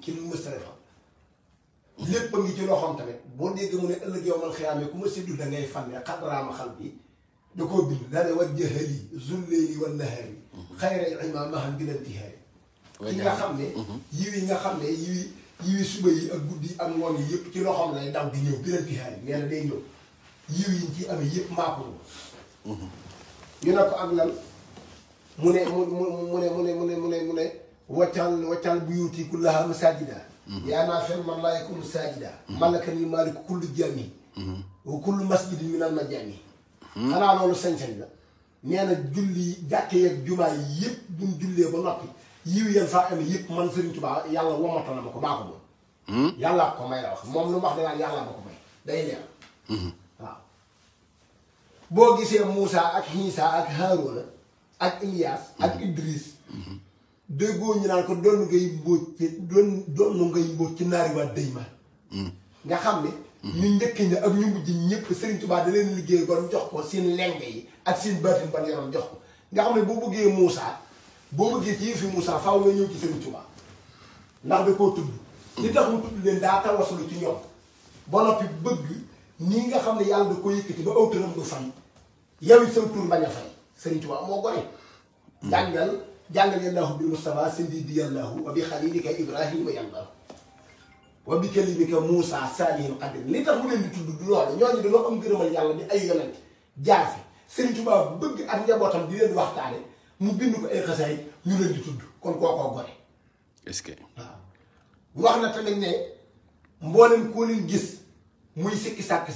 ki mu mës a defal lépp mi ci loxoom tamit bo dégg mu ne ëllëg yow man xiyaamee ku ma séddu da ngay fànne xadraama xal bi da ko bind da la daane wajjahali zulleeli wa nahaari xayra ima maham han bil tihaari ki nga xamné ne yiw yi nga xam ne yiw yiw suba yi ak guddii ak ngoon yi yëpp ci loxoom lay daw di ñëw bil leen tihaari day ñëw yiw yi ci amee yëpp maakulu ñu ne ko ak lan mu ne mu ne mu ne mu ne mu ne mu ne وتل وتل بيوتي كلها مساجدة يا نافر من لا يكون مساجدة ملكني مالك كل جامع وكل مسجد من المجامع أنا على لو سنة سنة نيانا جولي جاكي جمعة يب دون جولي بلاقي يو ينفع أم يب منزلين تبع يلا وما تنا مكو معكم يلا كم يلا كم ما نروح دلنا يلا مكو معي دايلا بوجي سير موسى أك هيسا أك هارون déggoo ñu naan ko doon ngay mbóot ci doon ngay mbóot ci naari waa dëy ma mm. nga xam ne mm. ñu njëkk ña ak ñu mujj ñëpp Sëriñ Tuubaa da leen liggéey kon jox ko seen lenge yi ak seen ba ban yoroon jox ko nga xam ne boo bëggee Moussa boo bëggee ci yëfi Moussa faaw nga ñëw ci Sëriñ Tuubaa ndax da koo tudd mm. li tax mu tudd leen daa tawasalu ci ñoom ba noppi bëgg nii nga xam ne yàlla da ko yëkkati ba aw tëram du fay yow it sa tur bañ a fay Sëriñ Tuubaa moo gore jàngal jàngal yàllaahu bi Mustafa sindidi yàllaahu wa bi xalilika Ibrahima yàllaahu wa bi kalimika Moussa Salihil Qadim li tax mu leen tudd du loolu ñooñu dañoo am gërëmal yàlla di ay yonent ak njabootam di leen waxtaane mu bind ko ay xasaay ñu leen di tudd kon kookoo que wax na tamit ne mboolem koo leen gis muy sikki sàkk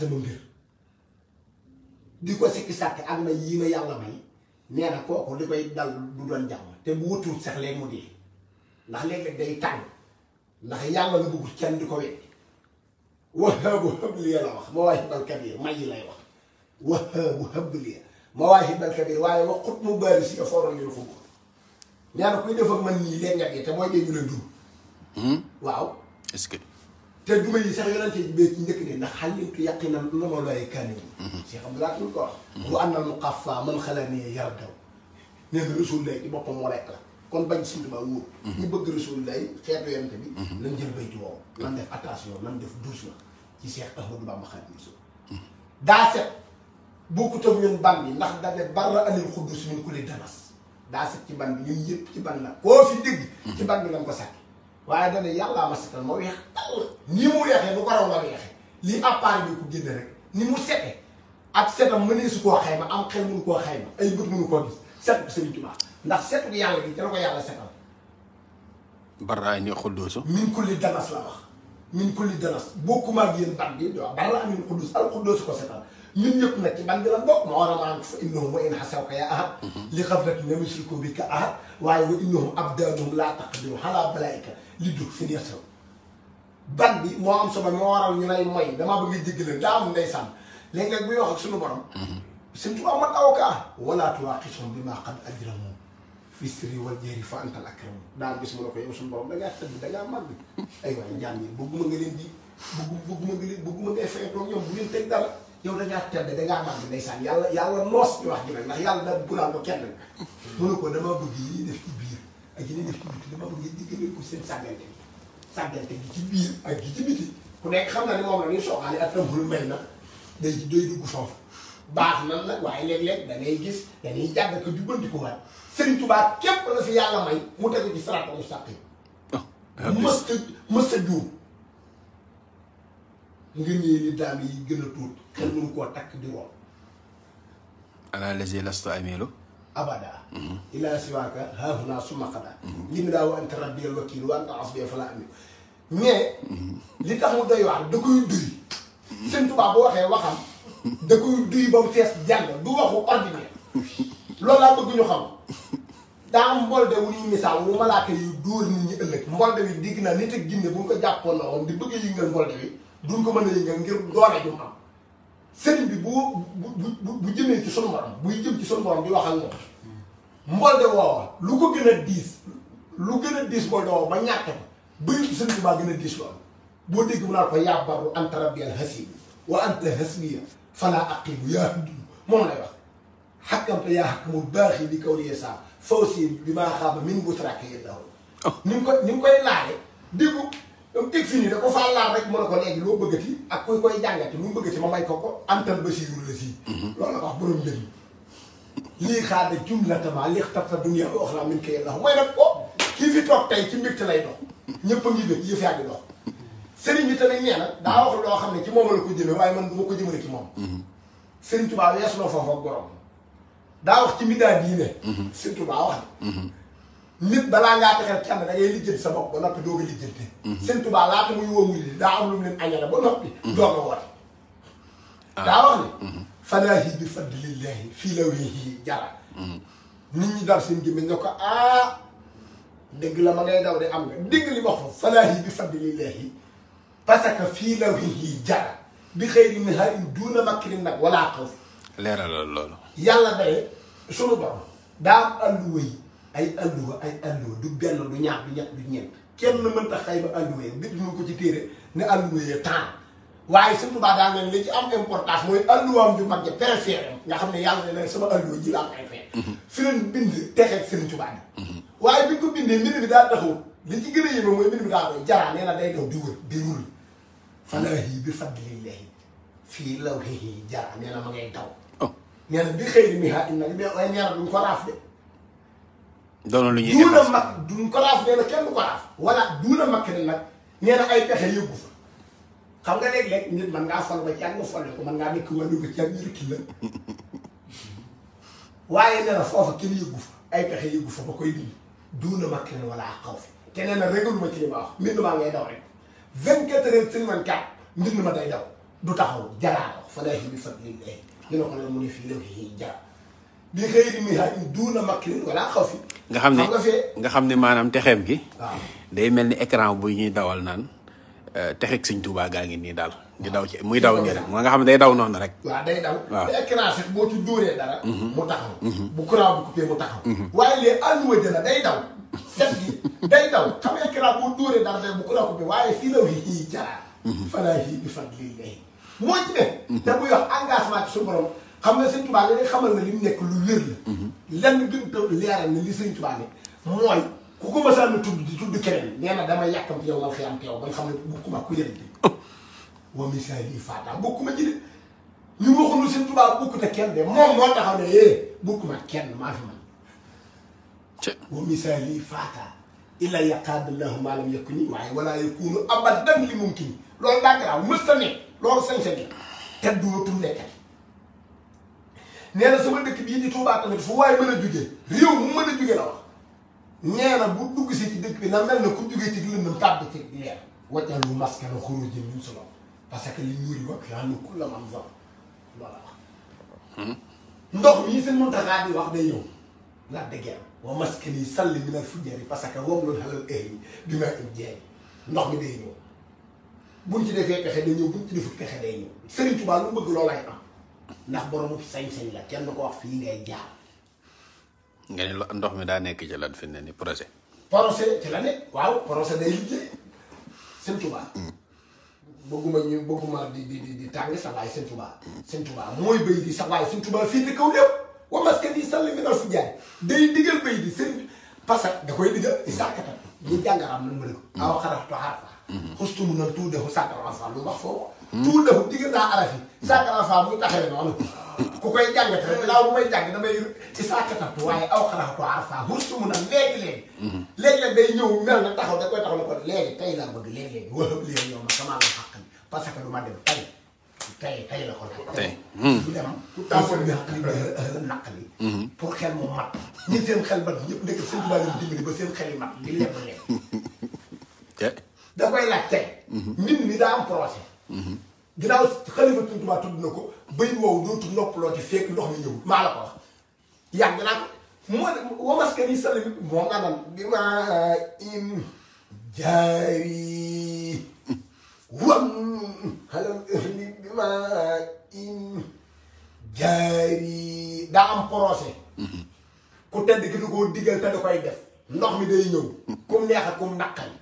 ko sikki sàkk ak na yii ma yàlla may nee na kooku li koy dal du doon jàmm te bu wutul sax léegi mu dee ndax léeg-léeg day tàng ndax yàlla la bëgg kenn di ko weddi wahaabu habli la wax mawaahibal kabir may yi lay wax wahaabu habli mawaahibal kabir waaye wa xut mu baari si foral lil xubur nee na kuy def te mooy dee ñu la dum hmm? waaw est-ce que ndax xalimtu yaqinan na ma looy kaani yi si xam laa hmm. ko wax bu hmm. àndal mu xaf faa man xalaat nii yar daw nee na Rasulullah ci boppam moo lekk la kon bañ Sëñ Tuubaa wóor ñu bëgg Rasulullah xeetu yonent bi mhm. nañ jël bay ci woow nañ def attention nañ def doucement ci Cheikh Ahmadou Bamba Xaadimu Rasuul mhm. daa set bokkut ak ñun ban bi ndax dane barra anil xuddus min kulli danas daa set ci ban bi ñun yëpp ci ban la koo fi dégg ci mhm. ban bi lañ ko sàkki waaye dane yàllaa ma setal ma weex tall nii mu weexee lu ko raw la weexee lii appareil bi ko génne rek ni mu sete ak setam mënee su koo xayma am xel mënu koo xayma ay bët mënu koo gis setu Sëriñ Tuubaa ndax setu yàlla gi ca la ko yàlla setal. Barra ñu xuddoosu. min kulli danas la wax min kulli danas bokkuma ak yéen ban bi waaw Barra amin xuddoos al xuddoos ko setal ñun ñëpp nag ci ban bi la bokk. moo war fa innahum wa in xasawka ya ahad. Mhm. li xaflatin lam yushriku bika ahad waaye wa innahum abdaanuhum laa taqdiru xalaa balaa'ika li fi nii ban bi moo am solo moo waral ñu lay moy damaa bëgg a jéggi leen daa am ndeysaan léeg-léeg buy wax sëñ Tuubaa man avocat wala tuwaaqisum bi maa qad ajramu fi sirri wal jahri fa antal akramu daal gis mu ne ko yow suñu borom da ngaa tëdd da ngaa màgg ay waay jaam yi bëgguma nga leen di bëggu bëgguma nga leen bëgguma ngay fayatoo ñoom da ngaa tëdd da ngaa màgg ndeysaan ji ne ko damaa bëgg ak yi ku nekk xam na ne moom la ñuy na day day dugg foofu baax na la waaye léeg-léeg da gis dañuy jàgg ko jubbanti ko waat Sëriñ Tuubaa képp la fi yàlla may mu tegu ci saraat oh, ah, ah, ta mës ta juum ngir nii yi gën a tuut kenn mënu koo takk di woon ala lazi lastu amilu abada mm-hmm. ila siwaaka haahuna sumaqada mm-hmm. mais mm-hmm. li tax mu doy da koy duri Sëriñ Tuubaa bu waxee waxam da koy duy ba mu fees jàng du waxu ordinaire loolu laa bëgg ñu xam daa mbolde wu ñuy misaal wu malaaka yi dóor nit ñi ëllëg mbolde wi digg naa nit ak ginne bu ñu ko jàppoon la woon di bëgg a yëngal mbolde wi duñ ko mën a yëngal ngir doole ju mu sëriñ bi bu bu bu jëmee ci sunu borom buy jëm ci sunu borom di wax ak moom mbolde woowa lu ko gën a diis lu gën a diis mbolde woowa ba ñàkk ko bëri ci bi maa gën a diis loolu boo dégg mu ko yàbbaru anta rabbi al wa falaa aqibu yaa haddul moom lay wax xakkamte yaa xakkamul baax yi di kaw li yeesaa faw si bi maa xaaba min bu traqué yi daw ni ko ni koy laale déggu dam teg fii nii da ko faa laal rek mu ne ko léegi loo bëggati ak kuy koy jàngati lu mu bëggati ma may ko ko antal basiru la sii mm-hmm. loolu la ko wax borom njëriñ lii xaada jumlatama li xtabta dunya wa uxra min kay la mooy nag ko kii fi toog tey ci mbégte lay dox ñëpp a ngi bëgg yëf yaa ngi dox sëriñ bi tamit nee na daa wax loo xam ne ci moom la ko jëme waaye man du ma ko jëmale ci moom sëriñ Tuubaa weesu na foofu ak borom daa wax ci middaa diine sëriñ Tuubaa wax nit balaa ngaa texe kenn da ngay lijjanti sa bopp ba noppi doog a lijjanti sëriñ Tuubaa laata muy woo murid daa am lu mu leen añale ba noppi doog a woote daa wax ne falaahi bi fadlillahi fii la wéyi jara nit ñi dal seen gémmiñ ne ko ah dégg la ma ngay daw de am nga dégg li wax fa falaahi bi fadlillahi parce que fii law yi jar bi xëy ri ni xarin duuna makkirin nag walaa xaw fi leeralal loolu yàlla daye sunu borom daa am alluwa yi ay alluwa ay alluwa du benn du ñaar du ñett du ñeent kenn mënta xayma alluwa yi nit ñu ko ci téere ne alluwa yi temps waaye baa daa leen li ci am importance mooy alluwaam ju mag ja préféré nga xam ne yàlla ne sama alluwa ji laa préféré mhm. fi leen bind texeeg Sëriñ Tuubaa bi mhm. waaye bi ñu ko bindee mbir bi daa taxaw li ci gën a yëngu mooy mbir bi daa koy jaraa nee na day daw di wër di wër falaahi bi fadlillahi fii lawhihi jara nee na ma ngay daw nee na bi xëy na mi xaar inna mais waaye nee na duñ ko raaf de. doon na lu ñuy duuna mag duñ ko raaf nee na kenn du ko raaf. wala duuna mag kenn nag nee na ay pexe yëngu fa xam nga léeg-léeg nit man ngaa fol ba jàng nga folle ko mën ngaa nekk wàllu ba jàng rek la waaye nee na foofa kenn yëngu fa ay pexe yëngu fa ba koy dindi duuna mag kenn wala xaw fi te nee na régluma ci li ma wax mbind maa ngay daw rek. 24 heures sur 24 mbir mi ma du taxaw jaraa ne ko wala xaw fi nga xam ne nga xam ne maanaam texeem gi day mel ni écran bu ñuy dawal naan euh, texeg sëñ Tuubaa gaa ngi nii daal di daw ci muy daw nii rek nga xam ne day daw noonu rek waaw day daw waaw écran sax boo ci dóoree dara mhm. mu taxaw mhm. bu courant bu coupé mu mhm. waaye lee àlluwa la day daw set gi day daw xam nga écran bu dóoree dara day bu ko rakku bi waaye fii la wi hii jaraa mhm. falaa hii bi fan lii lay mhm. xam nga sëñ Tuubaa li na li mu nekk lu wér la mhm. lenn gën taw leeral ne li sëñ Tuubaa ne mooy ku ko mësaan tudd di tudd keneen nee am teew ba xam ne bokkuma ku yëg bi oh. wa misaal yi fata bokkuma ci de ñu waxul lu sëñ Tuubaa bokkute kenn de moom moo taxaw ne eh bokkuma kenn maa fi ma ومثالي فاتا الا يقاد الله ما لم يكن معي ولا يكون ابدا لممكن لول داك لا مستني لول سنجي تدوتو نك نينا سما دك بي دي توبا تامي فو واي مانا جوجي ريو مو مانا جوجي لا واخ نينا بو دوج سي تي دك بي نا نعم، ملنا نعم، كو جوجي تي لند تاب تي لير وجهو ماسكن خروج من سلام باسكو لي نوري وك لا نو كل ما نزا لا واخ ndox mi sen mon tagadi wax day ñew la de guerre wa maskani salli min al fujjari parce que woom loolu xalal ahli bi ma am jeey ndox mi day ñëw buñ ci defee pexe day ñëw buñ ci ko wax fii ngay jaar nga ndox mi daa nekk ci lan fi ne ni projet projet ci la ne waaw projet day liggéey Serigne Touba mm. bëgguma ñu bëgguma di di di tàng sa waay Serigne Touba Serigne Touba mooy béy di sa waay Serigne Touba fii di kaw lépp wa masque di sàll mi nal fu jaay day digal bay di sëriñ bi parce que da koy digal di sàkkatam ñu mm. mm-hmm. mm-hmm. mm-hmm. jàng xam nan a aw xaraf to aw xaraf to xarfa xustumu nan day ñëw mel na taxaw da koy taxaw la ko léegi tey laa bëgg léegi-léegi waxab léegi yow ma sama la xàq parce que du dem tey tey tey la ko nag. tey. bu hmm. demee ku tàmbali naqari. pour xel mu mat. ñi seen xel mat ñëpp nekk seen tubaab yi dimbali ba seen xel yi mat di leb leb. Eh. da koy laaj tey. Hmm. nit ñi daa am projet. Hmm. ginnaaw xalifa tuntumaa tudd na ko bay wow dootu noppaloo ci fekk ndox mi ñëw maa la ko wax. yàgg naa ko moo wa maskani salami moo nga naan bi maa euh, im jaari wam xalal ma jaari daa am procès ku tedd ki du ko diggal du koy def ndox mi day ñëw kum neex ak kum naqari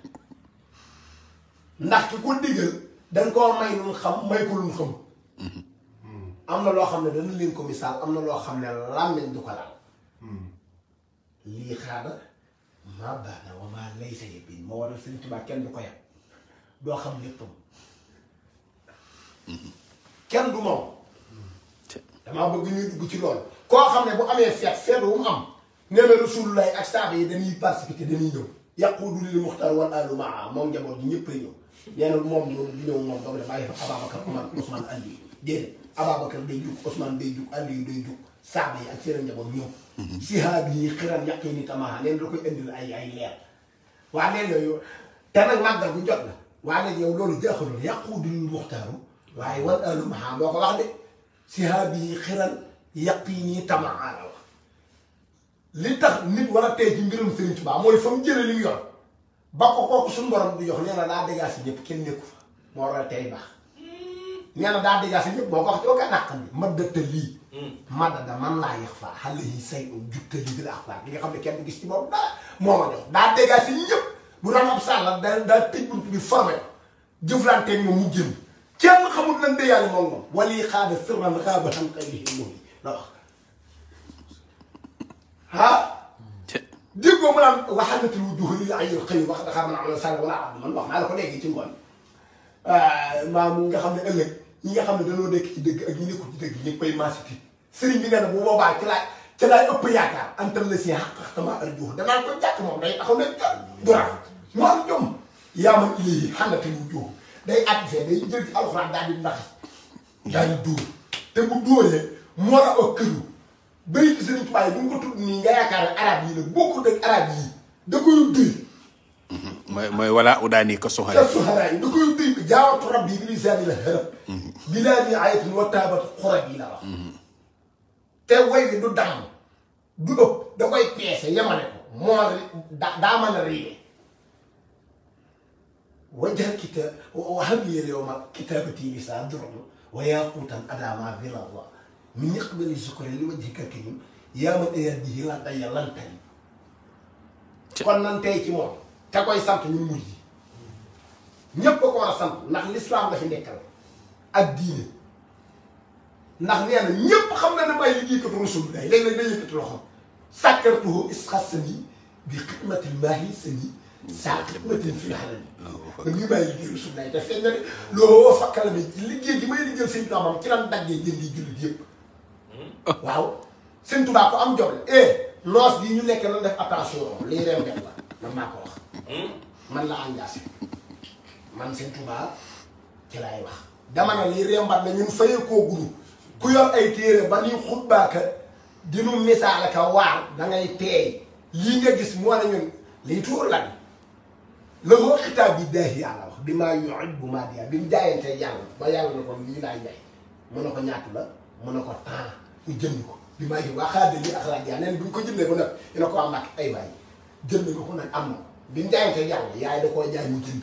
ndax ki ko diggal dañ koo may lu xam may ko xam am na loo xam ne dana leen na loo xam ne du ko laal lii xaaba maa baax na wa maa lay sa yëpp moo waral Sëriñ Tuubaa kenn du ko yàq doo xam léppam kenn du moom damaa bëgg ñuy dugg ci loolu koo xam ne bu amee feet feet wu mu am nee na rasulullah ak saaba yi dañuy participer dañuy ñëw yaquudu lil muxtar wal alu maa moom njaboot gi ñëpp a ñëw nee na moom loolu du ñëw moom dama ne bàyyi fa Ababacar Omar Ousmane Aliou déedéet Ababacar day jug Ousmane day jug Aliou day jug saaba yi ak seen njaboot ñëw sihaab yi xiran yaqini tamaha leen da koy indil ay ay leer waa leen yooyu te nag màggal bu jot la waa léegi yow loolu jaaxalul yaquudu lil muxtaaru waaye wal alumaha moo ko wax de sihaabi khiran yaqini tamaala wax li tax nit war a ci ngirum Serigne Touba moy fam jere li yor ba ko kooku suñu borom du jox neena da daa déggaas yi ñëpp fa moo war a tey baax nee na daa déggaas yi ñëpp boo ko wax ci ba gànnaaw bi hmm. da madada man la yëg fa xale yi say jutta lii bi la axbaar li nga xamne ken gis ci mom da moo ma jox daa déggaas yi ñëpp bu ramab am da daa daa tëj bunt bi formé jëflanteeg moom mu génn. كم خبر لن بيع المنظم ولي خاب السر مخاب حنقيه المهدي لا ها ديكو من وحدة الوجوه اللي عيل قيل وقت خاب من على سال ولا عبد من وقت على كل شيء تقول ما من خاب من إلك يا خاب من دلوا ديك دك أجيني كنت دك جيني بيع ماسكي سرين جينا أنا بعد كلا كلا أبيع كا أنت اللي سيح قط ما أرجوه ده ما كنت جاك ما بدي أخونك دراف ما أرجوم يا من إلي حنة الوجوه day activé day jël ci alxuraan daal di ndax daal di te bu dóoree moo la ak këru bay di Sëriñ Tuubaa yi bu ñu ko tudd nii nga yaakaar la bokkul ak arab yi da koy dëy mooy wala udaani ka suxara suxara yi da koy dëy bi jaawatu la xërab mhm. bi laa ni ayatin wa taabat xorab yi la wax mhm. te way bi du damm du ëpp da koy peese yemale ko moo da وجه كتاب وهم يوم كتابتي لسادر ويا قوتا ادا ما في الله من يقبل الشكر لوجهك الكريم يا من يده لا تيل لن تري كون ننتهي كي مور تاكوي سانت ني موجي نيب كو ورا سانت ناخ الاسلام دا في نيكال اك دين ناخ نينا نيب خمنا نا باي لي كتو رسول الله لي لي نيكتو لوخو سكرته اسخصني saa a bëtën fii xanaa ñu bàyyi ji Rasulullah daf leen ne loo fakkala bi liggéey gi may liggéeyal sëñ Tuubaa moom ci lan daggee jëndi jullit yëpp hmm? waaw sëñ ko am jox la eh noos bi ñu lekk def attention lii rem dem la man maa ko wax hmm? man la engagé man sëñ Tuubaa ci laay wax lii rembat la ñun fayee koo gudu ku yor ay téere ba ñuy xutbaaka dinu misaal ka waar da ngay teey lii nga gis moo ne ñun lii tuur la la ko xitaab bi dee yàlla wax bi maa yoxit bu maa diya bi mu jaayantee yàlla ba yàlla ko lii laay jaay mun na ko ñaata la mun na ko temps mu jënd ko bi maa yi waxaade li ak rajo neen bu ñu ko jëndee ba nag dina ko am ak ay waay ko nag am na bi mu jaayantee yàlla yaay da koo jaay mu jënd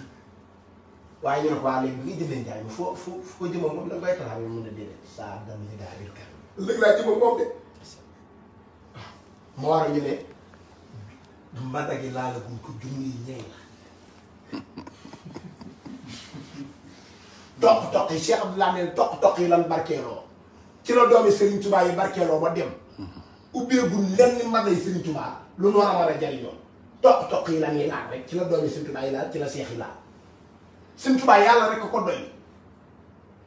waaye ñu ne ko waa léegi bi nga jëndee jaay mi foo foo foo jëmoon saa dama ñu daa laa jëmoon moom de waaw ah, moo war la toq-toq yi Cheikh Abdoulaye neen toq-toq yi lan barkeeloo ci la doomi Serigne Touba yi barkeeloo ba dem ubbeegul lenn mën ay Serigne Touba lu mu a war a jariñoo toq-toq yi la ñuy rek ci la doomi Serigne Touba la Cheikh yi laal Serigne Touba yàlla rek ko doy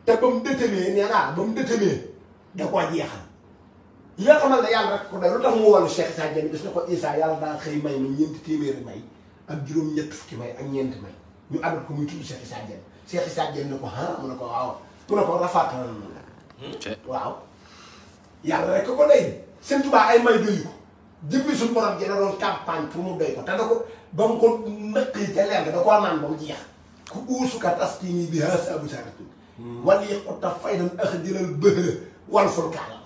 te ba mu détenee nee ba mu détenee da koo jeexal li nga xamal yàlla rek ko doy lu tax mu wolu Cheikh Issa Diagne gis na ko Issa yàlla daal xëy may ma ñeenti téeméeri may ak juróom-ñett fukki may ak ñeenti may ñu àndal ko muy Cheikh Issa Diène na ko ah mu ne ko waaw mu ne ko rafaatal na la. Hmm? waaw. yàlla rek ko doy. Sëñ Tuubaa ay may doyu ko. pour mu doy ko te da ko ba mu ko nëkkee ca leer bi haa saabu saakatu. Hmm. wala yëqut a faydan ak jëlal bëhër wal fulkaa la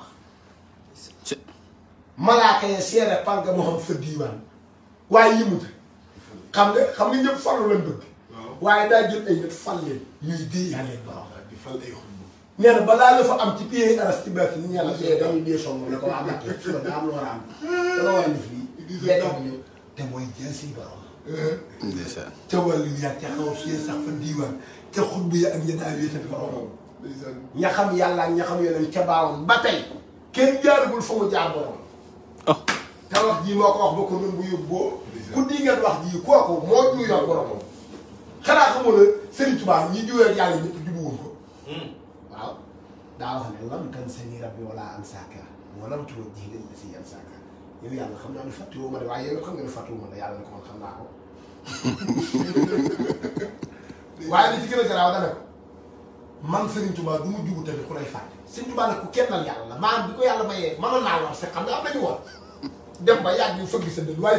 wax. seere pànk moo xam fa diiwaan waaye yimuta xam nga xam nga ñëpp farlu lañ bëgg. waaye daa jël ay nit fal leen ñuy déeyaaleen borom di fal ay xumb nee na balaa la fa am ci pied aras ci baax ni ñàlla dee dañuy dee sonn la ko am ak suba daa am lu war a am dama war a def lii dee dox ñu te mooy jël si borom ndeysaan ca wàllu yaa ca xaw sie sax fa diiwaan ca xutb ya ak ña daa wéetal borom ña xam yàlla ña xam yoneen ca baawam ba tey kenn jaaragul fa mu jaar borom te wax jii moo ko wax ba ko nun bu yóbboo ku dingat wax jii kooku moo ñu yor boromam xanaa xamoo ne Serigne Touba ñi jiwee ak yàlla ñëpp jubuwuñ ko. Hmm. waaw daa wax ne lam tan sani rabbi wala an saakara wala am tuuti ji leen si yan saakara yow yàlla ma de waaye yow xam nga ne yàlla ne ko man a garaaw dana ko man Serigne jubu tamit ku lay fàtte Serigne Touba nag ku kennal yàlla la maanaam bi ko yàlla mayee mënoon naa war sax xam nga am nañu war dem ba yàgg yu fëgg sa dënn waaye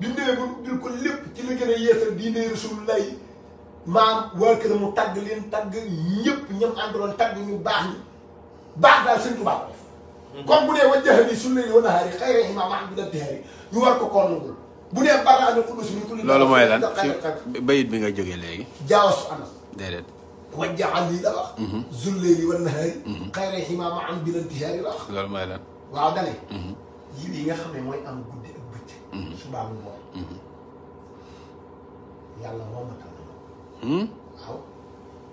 bi mu demee ba ubbil ko lépp ci la gën a yeesal diine maam waa kër mu tag leen tagg ñëpp ñam àndoon tagg ñu baax ñi baax daal sëñ Tuubaa ko def hmm. comme bu nee wajjaha li sunnati wa nahaari xayra imaam ahmad ad-dahaari ñu war ko koo nangul bu nee baraanu xudus min kulli loolu mooy lan bayit bi nga jógee léegi jaawasu anas déedéet wajjaha yi la wax hmm. zulleyli wa nahaari hmm. xayra imaam ahmad ad-dahaari la wax loolu mooy lan waaw dale ne mooy am subaam mhm. ngoon yàlla woomatal na hmm? waaw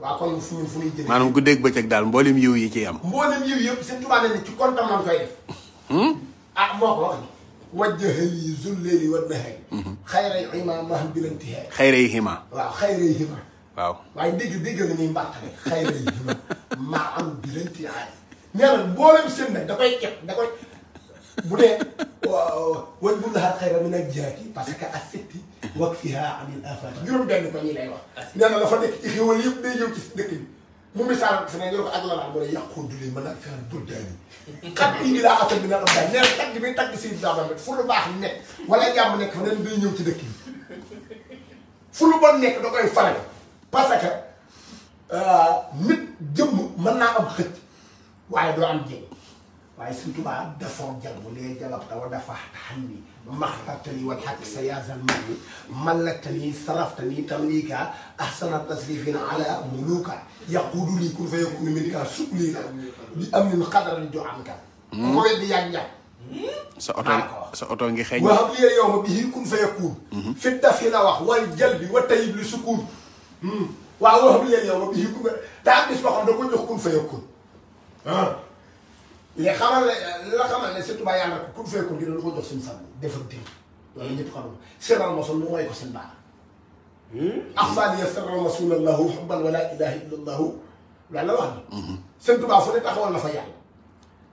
waaw kon fu ñun fu ñuy jëlee maanaam guddeeg bëccëg daal mboolem yiw yi ci am mboolem yiw yëpp sëñ Tuubaa ne ci kontam lan hmm? ah, wa nahari mhm. xayray ima maham bilantihe xayray dégg dégg nga ñuy mbàttale xayray na da koy ket da koy بودي ونقول لها خير من الجاك باسكو الست وقفها عن الافات جوم دان كو لا فا نيك تي خيول ييب دي نيو تي دك مو مثال سنا نيو اك لا بودي يقود لي مانا فيها بلدان قد اني لا اعطي من الابدان نير تك بي تك سيد دابا فول باخ نيك ولا جام نيك فنان بي نيو تي دك فول بون نيك داكاي فارال باسكو nit jëmm mën naa am xëcc waaye doo am waaye suñ tubaa dafa jalbu lee jalab tawa dafa xanni maxtatani wal xaq sa yaasal mani mallatani saraftani tamlika ahsana tasrifina ala muluka yaqudu li kun fa yakunu minka suklina bi amnin qadar jo anka mooy di yàgg ñàkk sa oto sa oto ngi xeeñ wa habliya yawma bihi kun fa yakun fi dafi la wax wal jalbi wa tayib li sukun waaw wa habliya yawma bihi kun daa gis loo xam da ko jox kun fa yakun ah li xamal ne li la xamal ne surtout ba yàlla ku fekkoon dina lu ko jox seen sàmm dafa dégg loolu ñëpp xamal seetal ma sol mu mooy ko seen baax. afdaal yasaral rasulallahu xubban wala ilaha illallahu loolu la wax ni. seen tubaab fu ne taxawal na fa yàlla.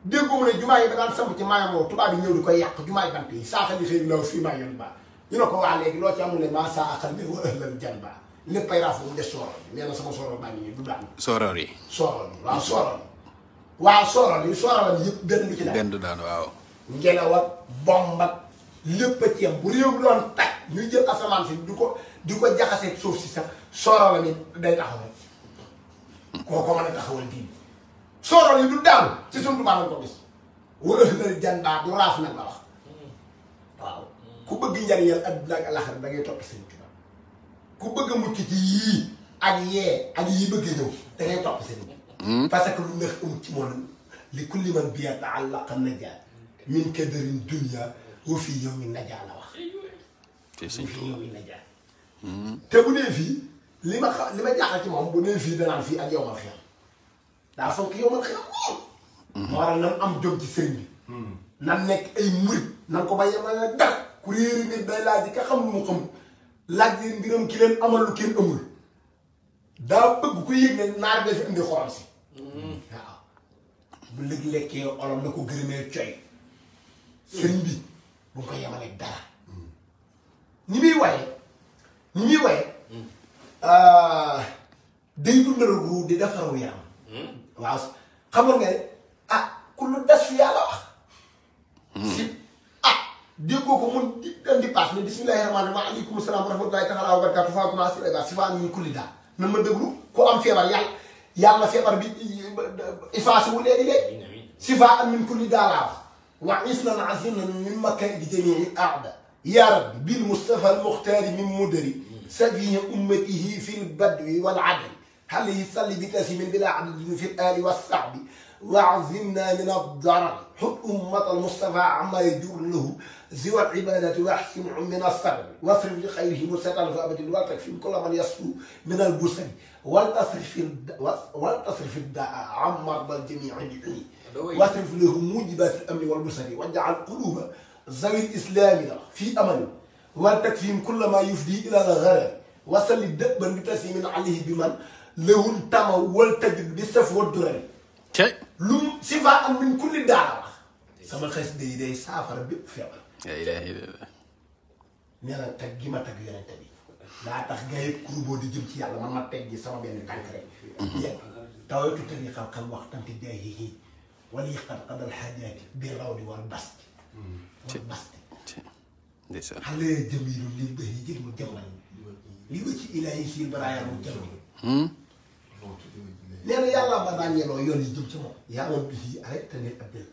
déggoo ne jumaa yi da daan samp ci maayamoo tubaab yi ñëw di koy yàq jumaay bant yi saaxali xëy law fii maa yoon baa ñu ne ko waa léegi loo ci amul ne maa saa akal bi wa ëllëg jan baa léppay raafu mu des sooroor yi nee na sama sooroor baa ngi nii du daan. sooroor yi. sooroor yi waaw sooroor yi wa sooral li sooral yëpp benn du ci daan benn du daan waaw ngelaw ak bomb ak lépp ci yam bu réew doon tag ñu jël asamaan si di ko di ko jaxaseeg suuf si sax sooral mi day taxawal kooko mën a taxawal diin sooral yi du daanu ci suñ tubaa lañ ko gis wala ëllëg jandaa du raaf nag la wax waaw ku bëgg njariñal adduna ak alaxar da ngay topp sëñ tubaa ku bëgg mucc ci yii ak yee ak yii bëgg ñëw da ngay topp sëñ parce que nous sommes les plus importants de la vie. من كدر الدنيا وفي يوم النجاة على وقت وفي يوم النجاة تبني في لما خ... لما جاء حكيم عم بني في ده في اليوم الخير لعفوا كي يوم الخير ما أرى نم أم جم تسيني نم نك أي مر نم كبايا ما ندا كريري من بلا ديك خم مقم لكن دينم كيلن أمر لكن أمر دا بقول كي نار بس عند خراسان bu lëg lekkee olom na ko gërëmee coy sëriñ bi bu ko yemale dara ni muy waye ni muy waye ah, day dundal ruu di defaru yaram waaw xamoon nga ne ah ku lu des fi yàlla wax si ah déggoo ko mun di dan di paas ne bismillahi rahmaani rahim waaleykum salaam wa rahmatullahi taala wa barakatu fa commencé ba si faa ñu kulli daal na ma déglu ku am feebar yàlla yàlla feebar bi effacé wu léegi léegi. من كل دار daaraa وعيسنا عزينا من مكان جميع الأعداء يا رب بالمصطفى المختار من مدري سفيه أمته في البدو والعدل هل يصلي بتسم بلا عدد في الآل والصعب وعزمنا من الضرر حب أمة المصطفى عما يدور له زوى العبادة واحسن من الصبر واصرف لخيره مسألة الغابة في كل من يصفو من البسل ولتصرف ولتصرف الداء عن مرضى الجميع بعلمي واصرف لهم موجبات الامن والبشر واجعل قلوب ذوي الاسلام في امل وتكفيهم كل ما يفدي الى الغرب وصل الدب بتسليم عليه بمن له التم والتجد بالسف والدرر لم سفاء من كل داء سما الخيس دي دي سافر بفعل لا اله الا الله ميرا تجي ما تجي لا تخجل كروبو دي جمتي على ما ما تجي سما بين كالكري. تاو تتني خلق الوقت تنتي ده هي هي ولي يخطر قدر الحاجات بين راودي والبست. البست. دي سر. هل جميل اللي بهي جمتي ولي. ليوتي إلى يسير برايا مجمع. هم؟ لا تجي ولي. لأن يلا بدان يلو يلي جمتي ما يا ربي هي أريت تني الأدلة.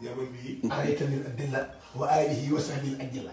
يا ربي أريت تني الأدلة وآله وسهل الأدلة.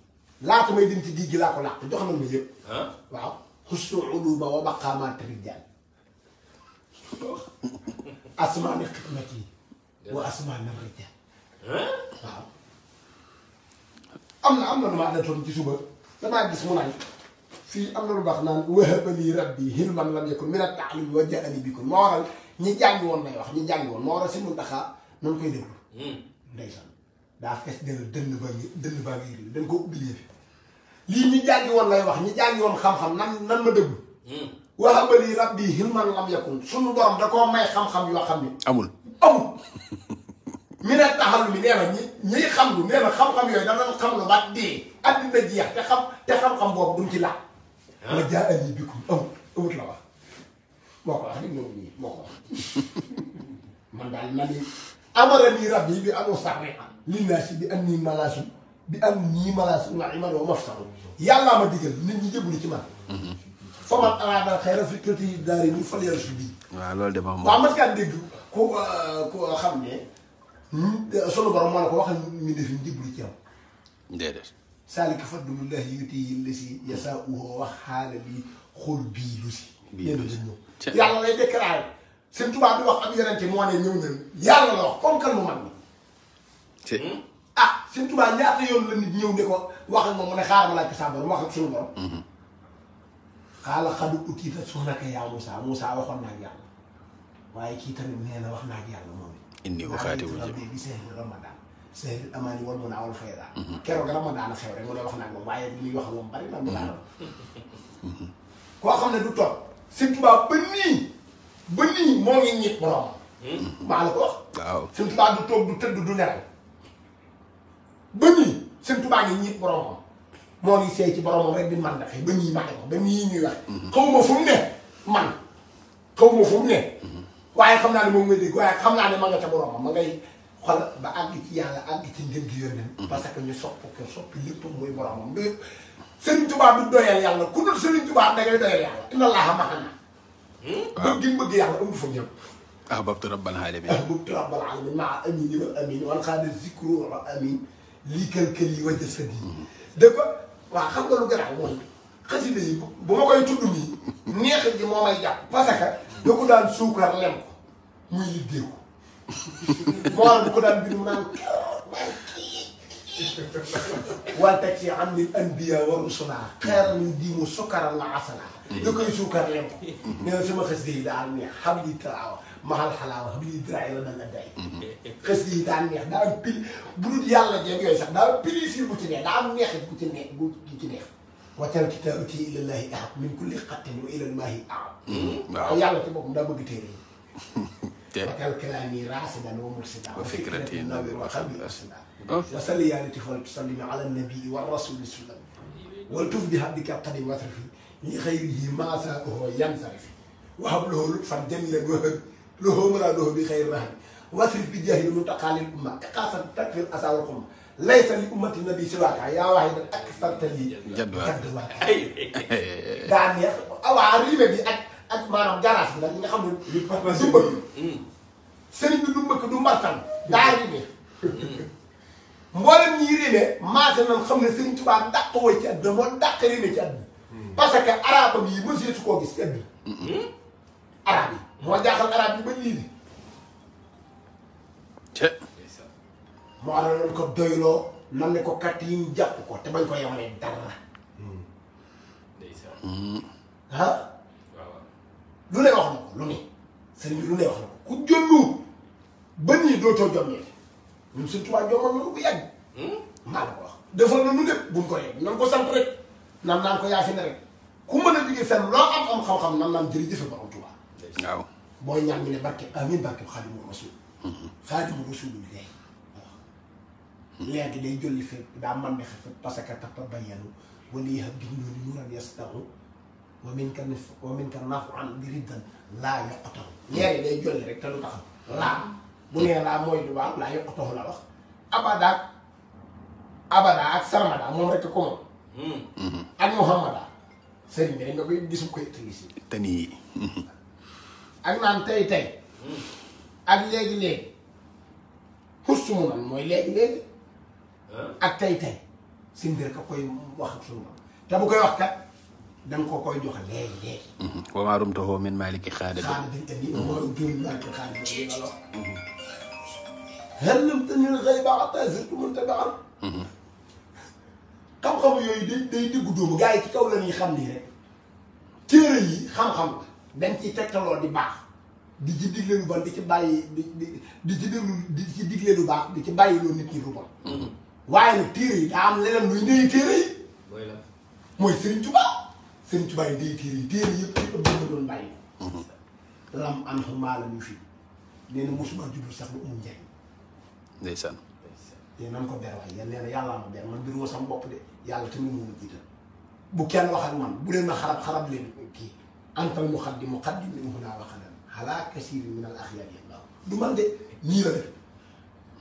لا تمي دين تيجي جلا كلا تدخل من مجيب واو خشوع علو بوا بقى ما ترجع أسماء نقمتي وأسماء نرجع واو أمن أمن ما عندك لم تشوفه لما عندك مناي في أمن ربنا وهب لي ربي هلما لم يكن من التعليم وجعلني بكم ما أعرف نيجان يوم ما يروح نيجان يوم ما أعرف سمو دخا نمكيدو ليش؟ دافكش دل دل بعير دل بعير دل كوب بعير lii ñi jàngi woon lay wax ñi jàngi woon xam-xam nan nan ma déglu. Hmm. waxabali rabbi hilman lam yakun sunu borom da koo may xam-xam yoo xam ni. amul amul. mi ne taxalu mi nee na ñi ñiy xam lu nee na xam-xam yooyu danañ xam lu ba dee. addina jeex te xam te xam-xam boobu duñ ci laaj. ma hmm. jaa ali bikum amul amut la wax moo ko wax rek moom nii moo ko wax man daal man amara ni rabbi bi amoo sax rek am. li naa si bi am nii malaasum. bi am ñii ma laa suñu iman wa maftaru yàllaa ma digal nit ñi jébbalu ci man faman araada xayra fi kati yi daari nii fal yarsu bii waaw loolu de moom waaw mas kaa dégg ku ku xam ne sunu borom moo la ko waxal ñu def ñu jébbalu ci am déedéet saalika fadlullahi yutiyi lisi yasaauhu wax xaala lii xol bii lu si ñenn dañ ñëw yàlla lay déclaré seen tubaab bi wax am yonente moo ne ñëw na yàlla la wax comme kan mu man ni sëñ Tuubaa ñaata yoon la nit ñëw ne ko wax ak moom mu ne xaaral ma laaj ko sàmbar wax ak suñu borom. Mhm. xaaral kii tamit nee wax naa ak yàlla bi seexil Ramadan seexil amaani wal mun mhm. a awal fayda. keroog Ramadan xew rek mu ne wax naa ak moom waaye li na mu daal. Mhm. koo ne du toog sëñ Tuubaa ba nii ba nii moo ngi ñib borom. maa la ko wax. waaw sëñ du toog du tëdd du ba nii seen tubaa ngi ñiit boromam moo ngi seey ci boromam rek di man dafay ba nii maxe ko ba nii ñuy wax mhm. xaw ma fu ne man xaw a fu mu ne mhm. waaye xam naa moom ngay dégg waaye xam ne ma nga ca boromam ma ngay xol ba àgg ci yàlla àgg ci ndëm gi yónneen mhm. parce que ñu sopp ko soppi lépp muy boromam lépp Sëriñ Tubaa du doyal yàlla ku dul Sëriñ Tubaa da ngay ba yàlla inna allaha maxana hmm? bëgg gi bëgg yàlla amul fa ñëpp ahbabtu rabbal alamin ahbabtu rabbal alamin maa amin wal amin wal amin لي كان كان لي واد الفدي دابا راه خلوا له قرع والله قصيده بما كاي تودني نيخ دي موماي جا باسكا دوكو دان سوكر لم مي يديو وان كو دان بنو نان والتاكسي عن الانبياء والرسل خير من ديم سكر العسل دوكو سوكر لم نيو سما خسدي دا عمي حبيبي تاعو ma hal xalaawa bi ñuy diraay la da nga day xës yi daan neex daa am pili bu dul yàlla jeeg yooyu sax daa am pili si bu ci neex daa am neexit bu ci neex bu ci neex waccal kitaabati ilallahi ahab min kulli xattin wa ilallahi ahab waaw yàlla ci boppam daa bëgg téere yi waccal kalaami raasidan wa mursidan wa fikrati nawir wa xabi arsida wa salli yaa latif wal tusallim ala nabii wa rasuli sallam wal tuf bi haddika qadim wasrifi li xayrihi maasaa huwa yansarifi wa hablahu lutfan jamilan wa hab loxoo mën aa loxo bi xëy rax bi wasrif bi jaahi lu mu taqaalil umma iqaasan takfir asawal xumma laysa li ummati nabi si waaka yaa waaye nag ak sartali jadd waaka daa neex awaa riime bi ak ak maanaam garage bi nag nga xam ne du mbëkk sëriñ bi du mbëkk du mbartan daa riime mboolem ñi riime maase nan xam ne sëriñ Tuubaa dàq woy ci àdduna moo dàq riime ci àdduna parce que arabam yi mëseetu koo gis ci àdduna moo jaaxal arab yi ba lii ni te moo waral nañ ko doyloo nam ne ko kàtt yi ñu jàpp ko te bañ ko yemale dara ah lu ne wax na ko lu ne sëriñ lu ne wax na ko ku jollu ba nii dootoo jom ñeete ñun suñ tubaab jomoon na ko yàgg maa hmm? la ko wax defal na nu lépp buñ ko yegg nan ko sant rek nan naan ko yaa ne rek ku mën a jóge fenn loo am am xam-xam nan naan jërëjëfe borom tuuba waaw booy ñaan ñu ne barke amiin barke xaadimu rasul xaadimu rasulillah léegi day jolli fépp daa man ne xefet parce que tax ta bayyanu wala yi xam gis ñooni nuuran wa min nafu an bi riddan laa yoqatahu leegi day jolli rek te lu tax laa bu nee laa mooy du waaw laa yoqatahu la wax abada ak sarmada moom rek hmm. Hmm. ak muhammada sëriñ bi dañ nga koy gis koy utilisé te nii أجنام تاي تاي أجنيجي نيجي خصو مونا موي ليجي ليجي أك تاي تاي سندير كاكوي واخا سونا تا بوكاي واخ كات دان كو كوي جوخ ليجي ليجي وما رمته من مالك خالد خالد دين تاني وما رمته من مالك خالد هل لم تني الغيبة عطا زلت منتبعا كم خم يوي دي دي دي غاي كي كاو لا ني خام ني رك تيري خام خام dañ ci tegtaloo di baax di ci digle lu bon di ci bàyyi di di di ci di ci digle baax di ci bàyyi loo nit ñi lu bon. Mm-hmm. waaye nag téere yi daa am leneen luy ndey téere yi. mooy la mooy Serigne Touba Serigne Touba yi ndey téere yi téere nan mm-hmm. ko ber waay nee na yàlla ma ber man biiroo sama bopp de yàlla tamit moo ma jiital bu kenn wax ak man bu leen ma xarab xarab leen kii. antal mu xaddi mu xaddi mi mu xunaa waxanan xalaa kasiir min al axyaar yi waaw du man de nii la def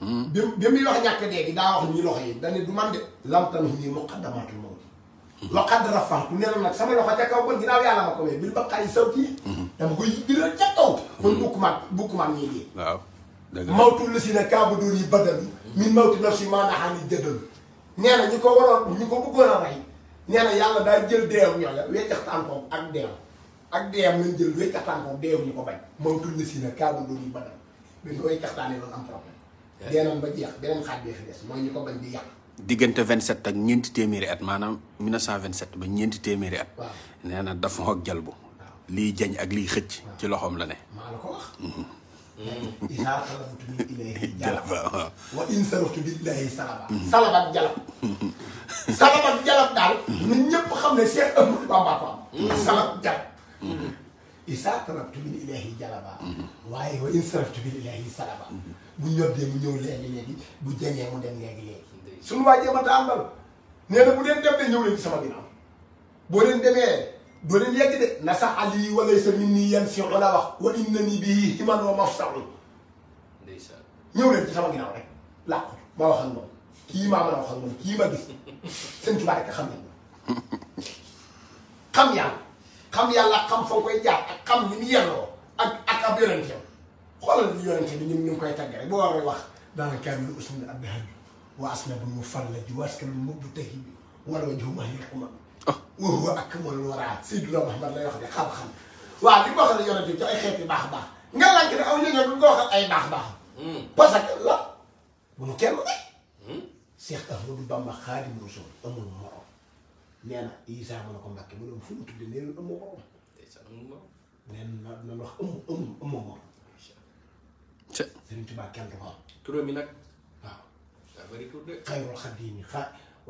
hmm. bi bi muy wax ñàkk dee di daa wax nii loxo yi dane du man de lamtan nii muqaddamaatul mawt wa hmm. qad rafa'tu nee na nag sama loxo ca kaw kon ginnaaw yàlla ma ko may bil baqaay sawti hmm. dama koy jëlal ca kaw kon bukkumaat la si ne kaabadoor yi badal min mawti nafsi na ñu ko waroon a rey nee na yàlla daa jël deew ñooña weccaxtaan ko ak deew ak deem lañ jël yooyu kaxtaan ko deew ñu ko bañ moom tuñ na si na kaabu doon yu ba jeex beneen xaaj bee fi des mooy ñu ko bañ di yàq diggante 27 ak ñeenti téeméeri at maanaam 1927 ba ñeenti téeméeri at nee na xoog jal lii jañ ak lii xëcc ci loxoom la ne maa la ko wax mm-hmm. Mm-hmm. isaa salabtu bi ilaahi jalaba wa in mm-hmm. jalab salabat jalab daal na ñëpp xam ne Seex Ahmadu Bamba ko am salabat jalab Mm-hmm. isa tarabtu min ilahi jalaba mm-hmm. waaye wa in saraftu min ilahi salaba mm-hmm. bu ñoddee mu ñëw léegi mu dem léegi-léegi suñu waajee mata àndal nee bu leen dem de ñëw leen sama ginnaaw boo leen demee doo leen yegg na sax ali walay sa min nii yan si la wax wa inna ni bii himan wa mafsaru ñëw leen ci sama ginnaaw rek làqu ma wax ak moom kii maa mën a wax ak moom kii ma gis seen tubaab rek xam ne xam yàlla xam yàlla ak xam fa nga koy jaar ak xam ni ak ak ab yonente xoolal yonente bi ñu ñu ngi koy tagg rek boo war a wax daana kaamilu usman abdi habi wa asnabul mufarraj wa askanul mubtahibi wala wajhu mahliquma oh. wa huwa akmalul wara sayyiduna Muhammad lay wax ne xam-xam waaw li baax baax nga lànk ne aw ñëñe duñ ko waxal ay baax baax hmm. parce que la bu ñu kenn ne hmm. Cheikh Ahmadou Bamba Xaadimu Rasuul amul morom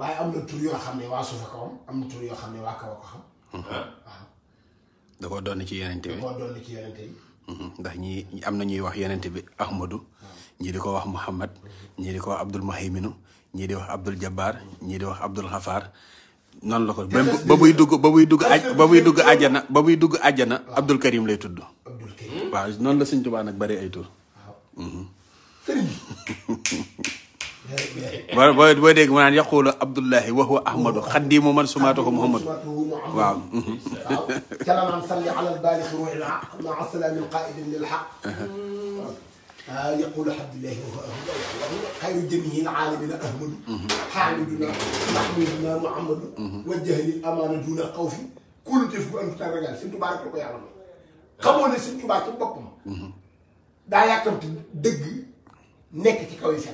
waaye am na tur xam ne waa suufa kawam am na tur xam ne waa kaw a ko xam. waaw. da koo doon ci yeneen tamit da koo ci yeneen tamit. ñii am na ñuy wax yonent bi Ahmadu ñii di ko wax Muhammad ñii di ko wax Abdul Muhayminu ñii di wax Abdul Jabbar ñii di wax Abdul Xafaar non la ko ba muy dugg ba muy dugg ba muy dugg àjjana ba muy dugg àjjana Abdul Karim lay tudd. waaw noonu la Sëñ Tuubaa ay tur. Mhm. boo boo boo dégg ma naan yaqulu Abdullahi wa huwa Ahmadu xaddimu man sumaatuhu Muhammadu waaw. waaw. Mhm. آه، يقول عبد الله يعني هاي الجميل عالمنا أهمل حالبنا محمودنا معمل وجه للأمانة دون خوف كل تفكر أن تتابع قال سنتو بارك لكم يا رب قبول سنتو بارك لكم دا يكتب دق نك في كويسة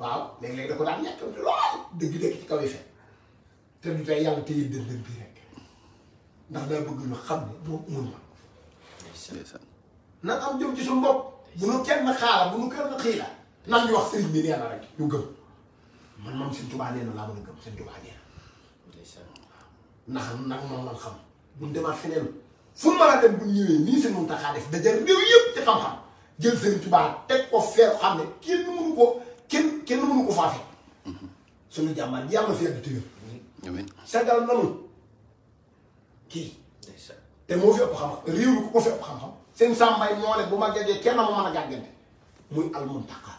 واو لين لين دخل عني يكتب لوال دق نك في كويسة تبي تيجي على تيجي دد دد بيرك نحن بقول خم بقول ما نعم جم جسم بقول bu nu kenn xaaral bu nu kenn xiila nan ñu wax sëriñ bi nee na rek ñu gëm man moom sëñ Tuubaa nee na laa mën a gëm sëñ Tuubaa nee na ndax nag moom man xam buñ demaat feneen fu mën a dem buñ ñëwee nii sëñ Muntaxaa def dajal réew yëpp ci xam-xam jël sëriñ Tuubaa teg ko feer xam ne kenn mënu ko kenn kenn mënu ko faafe suñu jàmbaar yàlla fi yàgg téwér sagal nanu kii te moo fi ëpp xam-xam réew ko ko fi ëpp xam-xam seen sàmbay moo bu ma jagee kenn ma mën a muy almuntaqa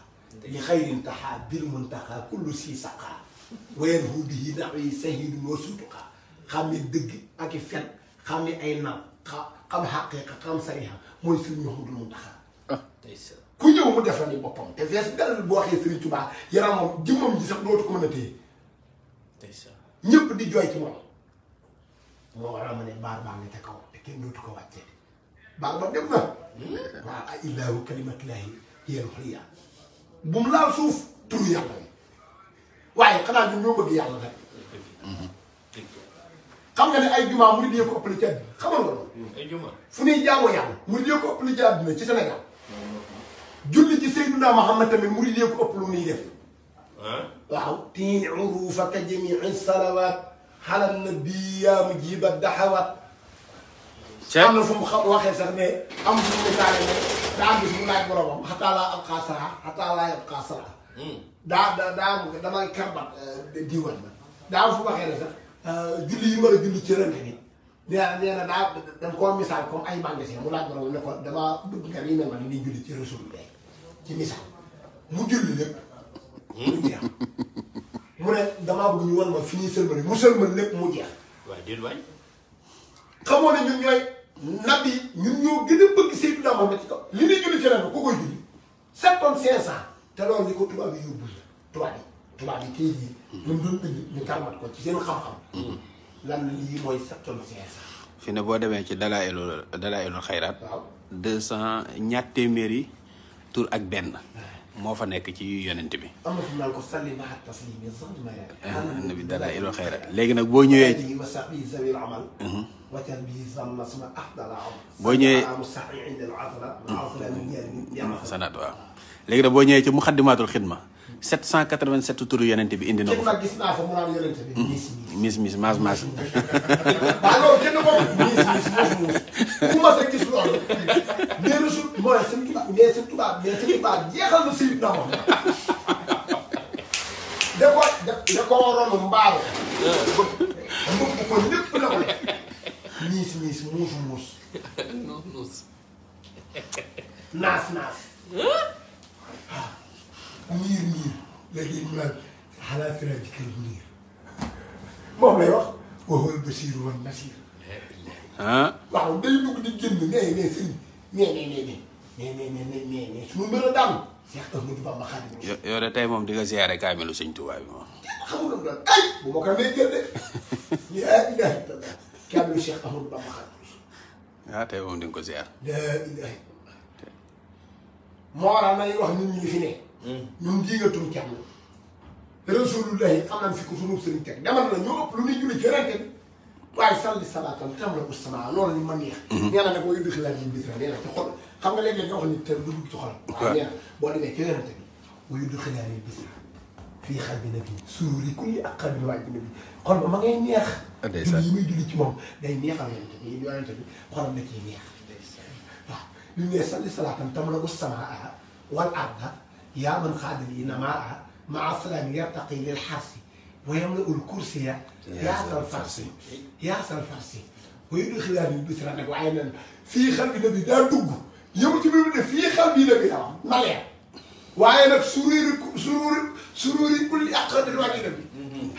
li xayrin taxaa bil muntaqa kullu si saqaa wayen huudi yi ndax yi sahidu noo suutuqa xam ne dëgg ak i fen xam ne ay naaw xam xaqiqa xam sariha mooy sëriñ Mouhamadou Mountakha ah. ku ñëw mu def la ni boppam te fees dal boo waxee sëriñ Tuubaa yaramam jëmmam ji sax dootu ñëpp di jooy ci moom moo waral ma ne baar baa ngi te kaw te baal ba dem na waaw a illahu kalimatullahi yéen xoliya bu mu laal suuf turu yàlla bi waaye xanaa ñun ñoo bëgg yàlla nag xam nga ne ay jumaa murid yee ko ëppale ci àddina xamal nga loolu ay jumaa fu ñuy jaamoo yàlla murid yee ko ëppale ci àddina ci Sénégal julli ci Seydina Muhammad tamit murid yee ko ëpp lu muy def waaw tiin urufaka jamii salawaat xalal nabi yaa mujiba daxawaat am na fu mu waxee sax ne am fu mu misaale ne daa gis mu laaj boromam xataa laa ab xaasara xataa laa ab xaasara daa daa daa am damay karbat diiwaan ba daa am fu mu waxee ne sax julli yi war a julli ci rënd bi nee na nee na daa dañ koo misaal comme ay magasin mu laaj boromam ne ko damaa bëgg nga yi mel ma ni julli ci rasul bi ci misaal mu julli lépp mu jeex mu ne damaa bëgg ñu wan ma fi ñuy sëlmal mu sëlmal lépp mu jeex waaw déet waay xamoo ne ñun ñooy nabi ñun ñoo gën a bëgg Seydina Muhammad ci kaw li ñuy julli ci ren ku koy julli septembre cinq cent te loolu li ko tubaab yi yóbbul la tubaab yi tubaab yi tey jii ñun doon indi ñu tàmmat ko ci seen xam-xam lan lii mooy septembre cinq cent fi ne boo demee ci dalaa elul dalaa elul xayraat deux cent ñaar téeméeri tur ak benn moo fa nekk ci yonent bi. am na ko salli maa taslimi eh, na bi dara ilo xayra léegi nag boo ñëwee. Mhm. boo ñëwee. sanat mm. waaw léegi nag boo ñëwee ci muxaddimaatul xidma 787 turu yonent bi indi na ko fa. gis naa fa mu naan yonent bi. Mm-hmm. mis mis mas mas. waaw loolu kenn ko mis mis mas mas ku ma sa gis loolu. mais Rasul mooy sëñ tubaab mas sëñ tubaab mais sëñ tubaab jeexal na si na moom. da ko da ko waroon mbaaru. mbëpp ko lépp la ko def. mis mis muus muus. naas naas. Ah. مير مير لكن حالات رادك المنير ما هو يوخ وهو البشير والنصير ها واو داي دوك دي جن ناي ناي سيرين ناي ناي ناي ناي ناي ناي ناي ناي ناي سونو ميرا دام cheikh ahmadou bamba khadim yow de tey moom di nga ziare kaamilu sëñ tuubaa bi moom xamul lu doon ay bu ma ko may jël de yaa ilaha illallah kaamilu cheikh ahmadou bamba khadim ah tey moom di nga ko ziar la ilaha illallah moo waral nay wax nit ñi li fi ne ñun tum ceex na rasulullahi xam nañ fi ko sunub sëriñ teg demal na ñu ëpp lu ñuy julli ci rente bi waaye salli salaatal tam la ustama loolu ni ma neex nee na nag boo yëndu xilaat yi bis nee na ci xol xam nga léeg-léeg nga wax ni te lu dugg ci xol waaw nee na boo demee ci rente bi boo yëndu xilaat yi bis fii xal bi nabi suuri ku li ak xal bi waaj bi nabi xol ba ma ngay neex yi muy julli ci moom day neexal yonente bi yonente bi xolam da ciy neex waaw li ne salli salaatal tam la ustama wal arda يا من خادم لنا مع مع السلام يرتقي للحرس ويملأ الكرسي ياسر الفرسي ياسر الفرسي ويدخل من بسرى نك وعينا في خلق النبي دا دغ يمتي من في خلق النبي مليا وعينا سرور سرور سرور كل اقرب النبي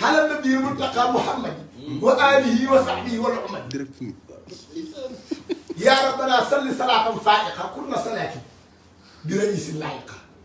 هل النبي المنتقى محمد وآله وصحبه والعمد يا ربنا صل صلاة فائقة كل صلاة برئيس اللائقة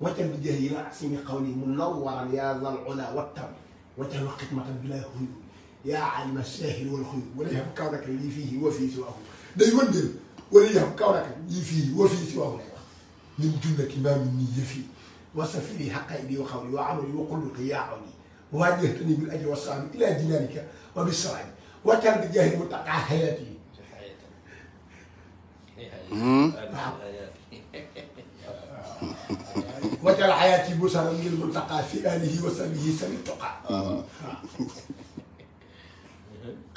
وتن بديه لعصيم قولي منورا يا ذا العلا والتم وتن وقت بلا خيو يا عالم الساهل والخيو ولا يهب كونك اللي فيه وفي سواه لا يوندل ولا يهب كونك اللي فيه وفي سواه من جنك ما مني يفي وسفري حقائدي وخولي وعمري وقلقي يا عوني واجهتني بالاجر والسلام الى جنانك وبالسرعه وتم بدي المتقى حياتي حياتي واجعل حياتي بشرا للملتقى في اله وصحبه سم التقى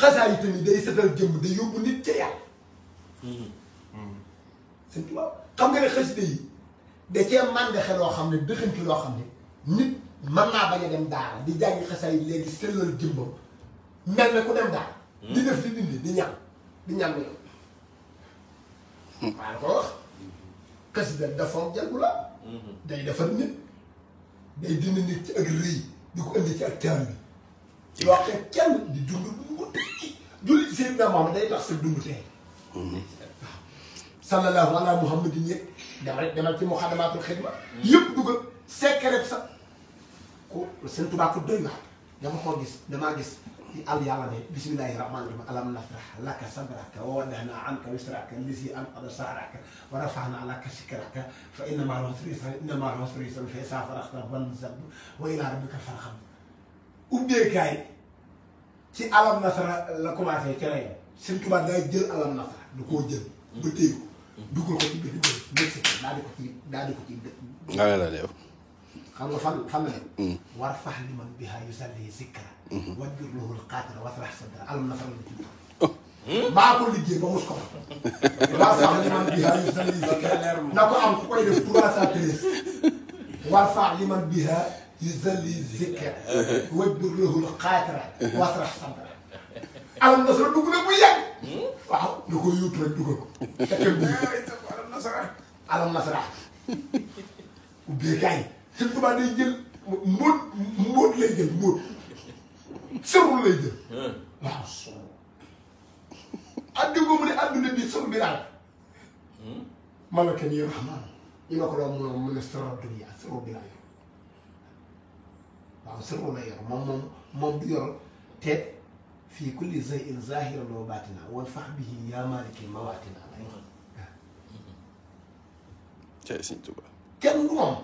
xasaay tamit day setal jëmm day yóbbu nit ca yàlla. sëñ Tuubaa xam nga ne xasida yi da cee màndaxe loo xam ne dëxanti loo xam ne nit mën naa bañ a dem daara di jàngi xasaay léegi sellal jëmbam mel na ku dem daara. di def di dindi di ñaan di ñaan yow. maa ko wax xasida dafa jàngu la. day defar nit day dindi nit ci ak rëy di ko indi ci ak taam bi di wax kenn di dund bu mu tey jullit seen maam day tax sa dund tey sallallahu ala muhammadin yëpp dama rek demal ci muxadamatul xidma yëpp dugga secret sa ku seen tubaab ku doy wax dama koo gis damaa gis alla yaaban ahayd bismillahi raxmaan raxiim alam nasrax laka sadraka wawadahnaa canka wisraka lisii anqada sahraka warafacnaa laka sikraka fa ina maa lhusri yusran ina maa lhusri yusran fa isaa faraqta fansab wa ilaa rabbika farxam ubbeekaay ci alam nasra la commencé ci lay sëñ Tuubaa daa jël alam nasra da koo jël ba téye ko dugal ko ci biir Mexique daal di ko ci daal di ko ci dëkk. nga la leew. xam nga fan fan la. Mm. war fax liman bihaa yusalli zikra واجر له القاتل واطرح صدره الم نفر التي لك إيه، ما جيب ومسكر لا لمن بها يزلي نكو ام كوي ديف كراسا تريس وارفع لمن بها يزلي الذكر واجر له القاتل واطرح صدره الم نفر دوغنا بو يك واو نكو يوت رك دوغ نفر الم نفر وبيكاي سنتو با دي مود مود لay jël sirru lay jël waaw addi ko mu ne adduna bi sirru bi daal malaka ni rahman ñu ne ko doon mu mu ne sirru dunia sirru bi laa yor waaw sirru la yor moom moom moom du yor te fii kulli zayin zahiran wa batina wal fax bihi yaa maliki mawatina lay cay sëñ Tuba kenn du moom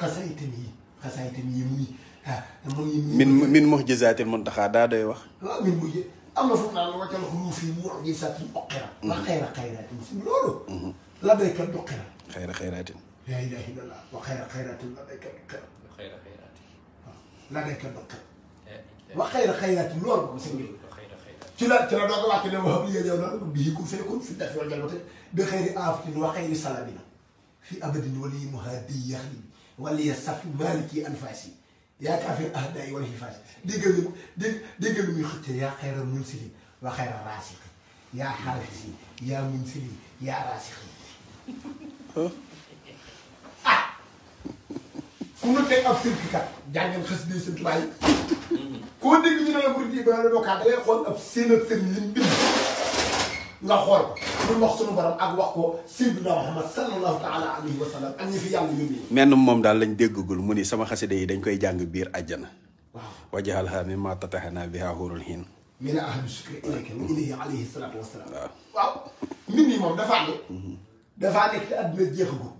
xasaytam yi xasaytam yi mu ngi من من معجزات المنتخب هذا ده يوخ من مجي أما فينا لو كان هو في معجزات أخرى ما خير خيرات لا بيك أخرى خير خيرات لا إله إلا الله وخير خيرات لا بيك أخرى خير خيرات لا بيك أخرى وخير خيرات لولو مسلم تلا تلا بعض الله تلا وهابي يا جونا بيكون سيكون في الدفع والجلبة بخير آفت وخير سلامنا في أبد ولي مهدي يخلي ولي السفر مالكي أنفاسي يا كافر الأهداء والحفاظ دقل دقل من يا خير المنسلي وخير الراسخ يا حارسي يا منسلي يا راسخ كنا تي أه. أبصر كذا جاني خسني سنتلاي كون دقل من أبورتي بنا بكادر يقول أبصر أبصر من بين nga xool lu wax sunu borom ak wax ko Seydina Muhammad sallallahu taala alayhi ak ñi fi yàlla yónni. moom daal lañ déggagul mu ni sama dañ koy jàng biir àjjana. waaw moom dafa am. Mhm. dafaa nekk te adduna jeexagul.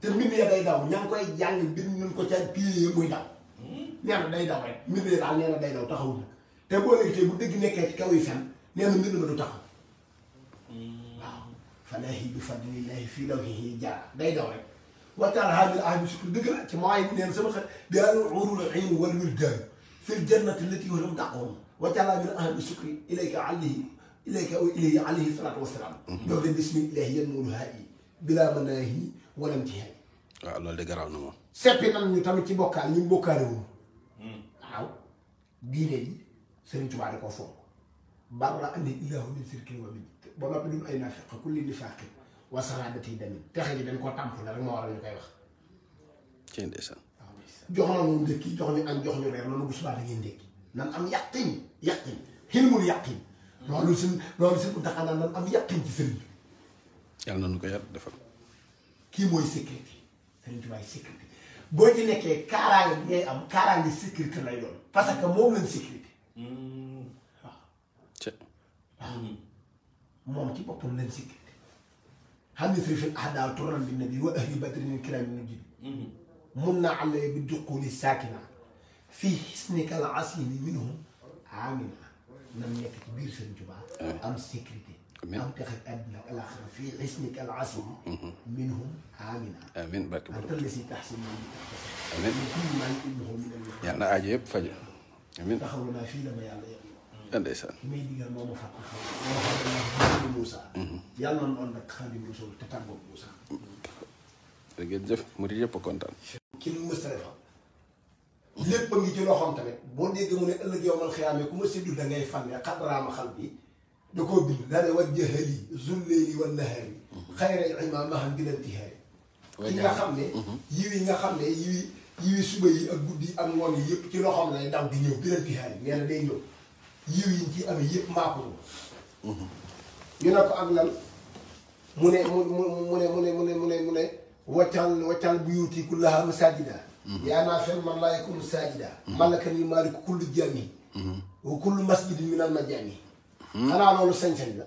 te mbir ya day daw ña koy jàng mbir nañ ko ca pilier muy daw. Hmm? nee day daw rek mbir te boo léegi bu dëgg nekkee ci yi fen nee mbir ma du taxaw. فلا هي يفضل الله في هي جاء داي داوي وتعالى هذا الاهل شكر دغ كي ما يبني يعني نسم خ ديال عور العين والولدان في الجنه التي هم دعوهم وتعالى من اهل الشكر اليك عليه اليك واليه عليه الصلاه والسلام دوك بسم الله ينور هائي بلا مناهي ولا انتهاء آه، الله اللي قراو نمو سيبي نان ني تامي تي بوكال ني بوكال و واو دينا دي سيرن توبا ديكو فوق بارلا اني اله من شرك ومن ba noppi duñ ay naafiq kulli nifaaqi wa saraadati damit texe ji dañ koo tàmpu la rek moo waral ñu koy wax. ci ndeysaan. jox na ñu ndékki jox ñu añ jox ñu reer loolu bu subaa da ngeen ndékki nan am yàqin yàqin xilmul yàqin. loolu suñ loolu suñ tax naan nan am yàqin ci sëriñ bi. yàlla na nu ko yàlla defal. kii mooy sécurité sëriñ bi waaye sécurité boo ci nekkee kaaraange bi ngay am kaaraange sécurité lay doon parce que moom lañ sécurité. waaw. waaw. moom ci boppam lañ sikk xandis rifil ahdaa turan bi nabi wa ahli badrin kiraam nujid mun naa àllee bi duquli saakina fii xisnikal asini minhum amina nam nekk ci biir sëñ Tuubaa am sécurité am tex ak àddina ak alaxira fii xisnikal asini minhum amina amin barke borom antalla si tax si man di tax amin kulli maa ngi ibnuhu min al yàlla aajo yëpp faju amin taxaw naa fii la ma yàlla yëpp ndeysaan may digal moom fàq xaw Moussa yàlla na noonu nag Xaadimu Rasuul te tàggoog Moussa da ngeen jëf murid yëpp kontaan ci lu mës a defal lépp a ngi ci loxoom tamit boo dégg mu ne ëllëg yow man xiyaamee ku ma séddul da ngay fànne xadraama xal bi da koo bind daane wajjahali zulleeli wa nahaari xayra ima maham bi leen tihaari ki nga xam ne yiw yi nga xam ne yiw yi suba yi ak guddi yi ak ngoon yi yëpp ci loxoom lay daw di ñëw bi leen tihaari nee na day ñëw yiw yiñ ci amee yëpp maa ko moom ñu ne ko ak lan mu ne mu mu mu ne mu ne mu ne mu ne mu ne waccal waccal buyuti kullaha masajida yaa naafi'u man laa yakunu saajida malakani maaliku kullu jaami wa kullu masjidin minal majaami xanaa loolu sañ-sañ la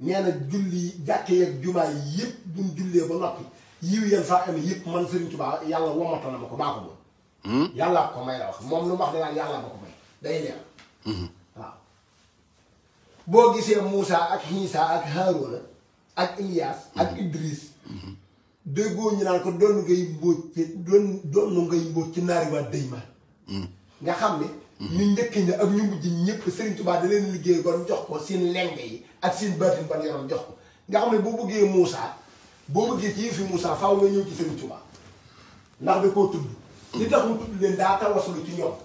nee na julli jàkkee ak jumaa yi yëpp buñ jullee ba noppi yiw yan faa amee yëpp man Sëriñ Tuubaa yàlla womatoo na ma ko maa ko moom yàlla ko may la wax moom lu mu wax danaan yàlla ma ko may day leer boo gisee Moussa ak Xiisa ak Haaruna ak Ilias ak mhm. Idris mhm. déggoo ñu naan ko doon ngay mbóot ci doon doon ngay mbóot ci naari waa Deyma mhm. nga xam ni ñu njëkk ña ak ñu mujj ñëpp Serigne Touba da leen liggéey kon jox ko seen lenge yi ak seen baatin ban yaram jox ko nga xam ne boo bëggee Moussa boo bëggee ci yëfi Moussa faaw nga ñëw ci Serigne Touba ndax da koo tudd li tax mu tudd leen daa tawasalu ci ñoom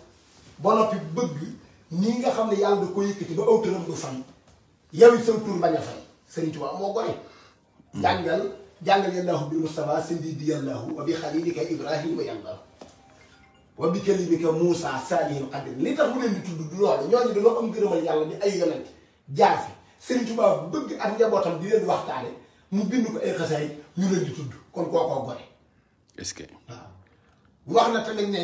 ba noppi bëgg nii nga xam ne yàlla da ko yëkkati ba aw tëram du fay yow it sa tur bañ a fay Sëriñ Tuubaa moo gore jàngal jàngal yàllaahu bi Mustafa sindidi yàllaahu wa bi xalilika Ibrahima yàllaahu wa bi kalimika Moussa Salihil Qadir li tax mu leen di tudd du loolu ñooñu dañoo am gërëmal yàlla ni ay yonent jaar fi Sëriñ Tuubaa bëgg ak njabootam di leen waxtaane mu bind ko ay xasaay ñu leen di tudd kon kookoo gore est-ce que waaw wax na tamit ne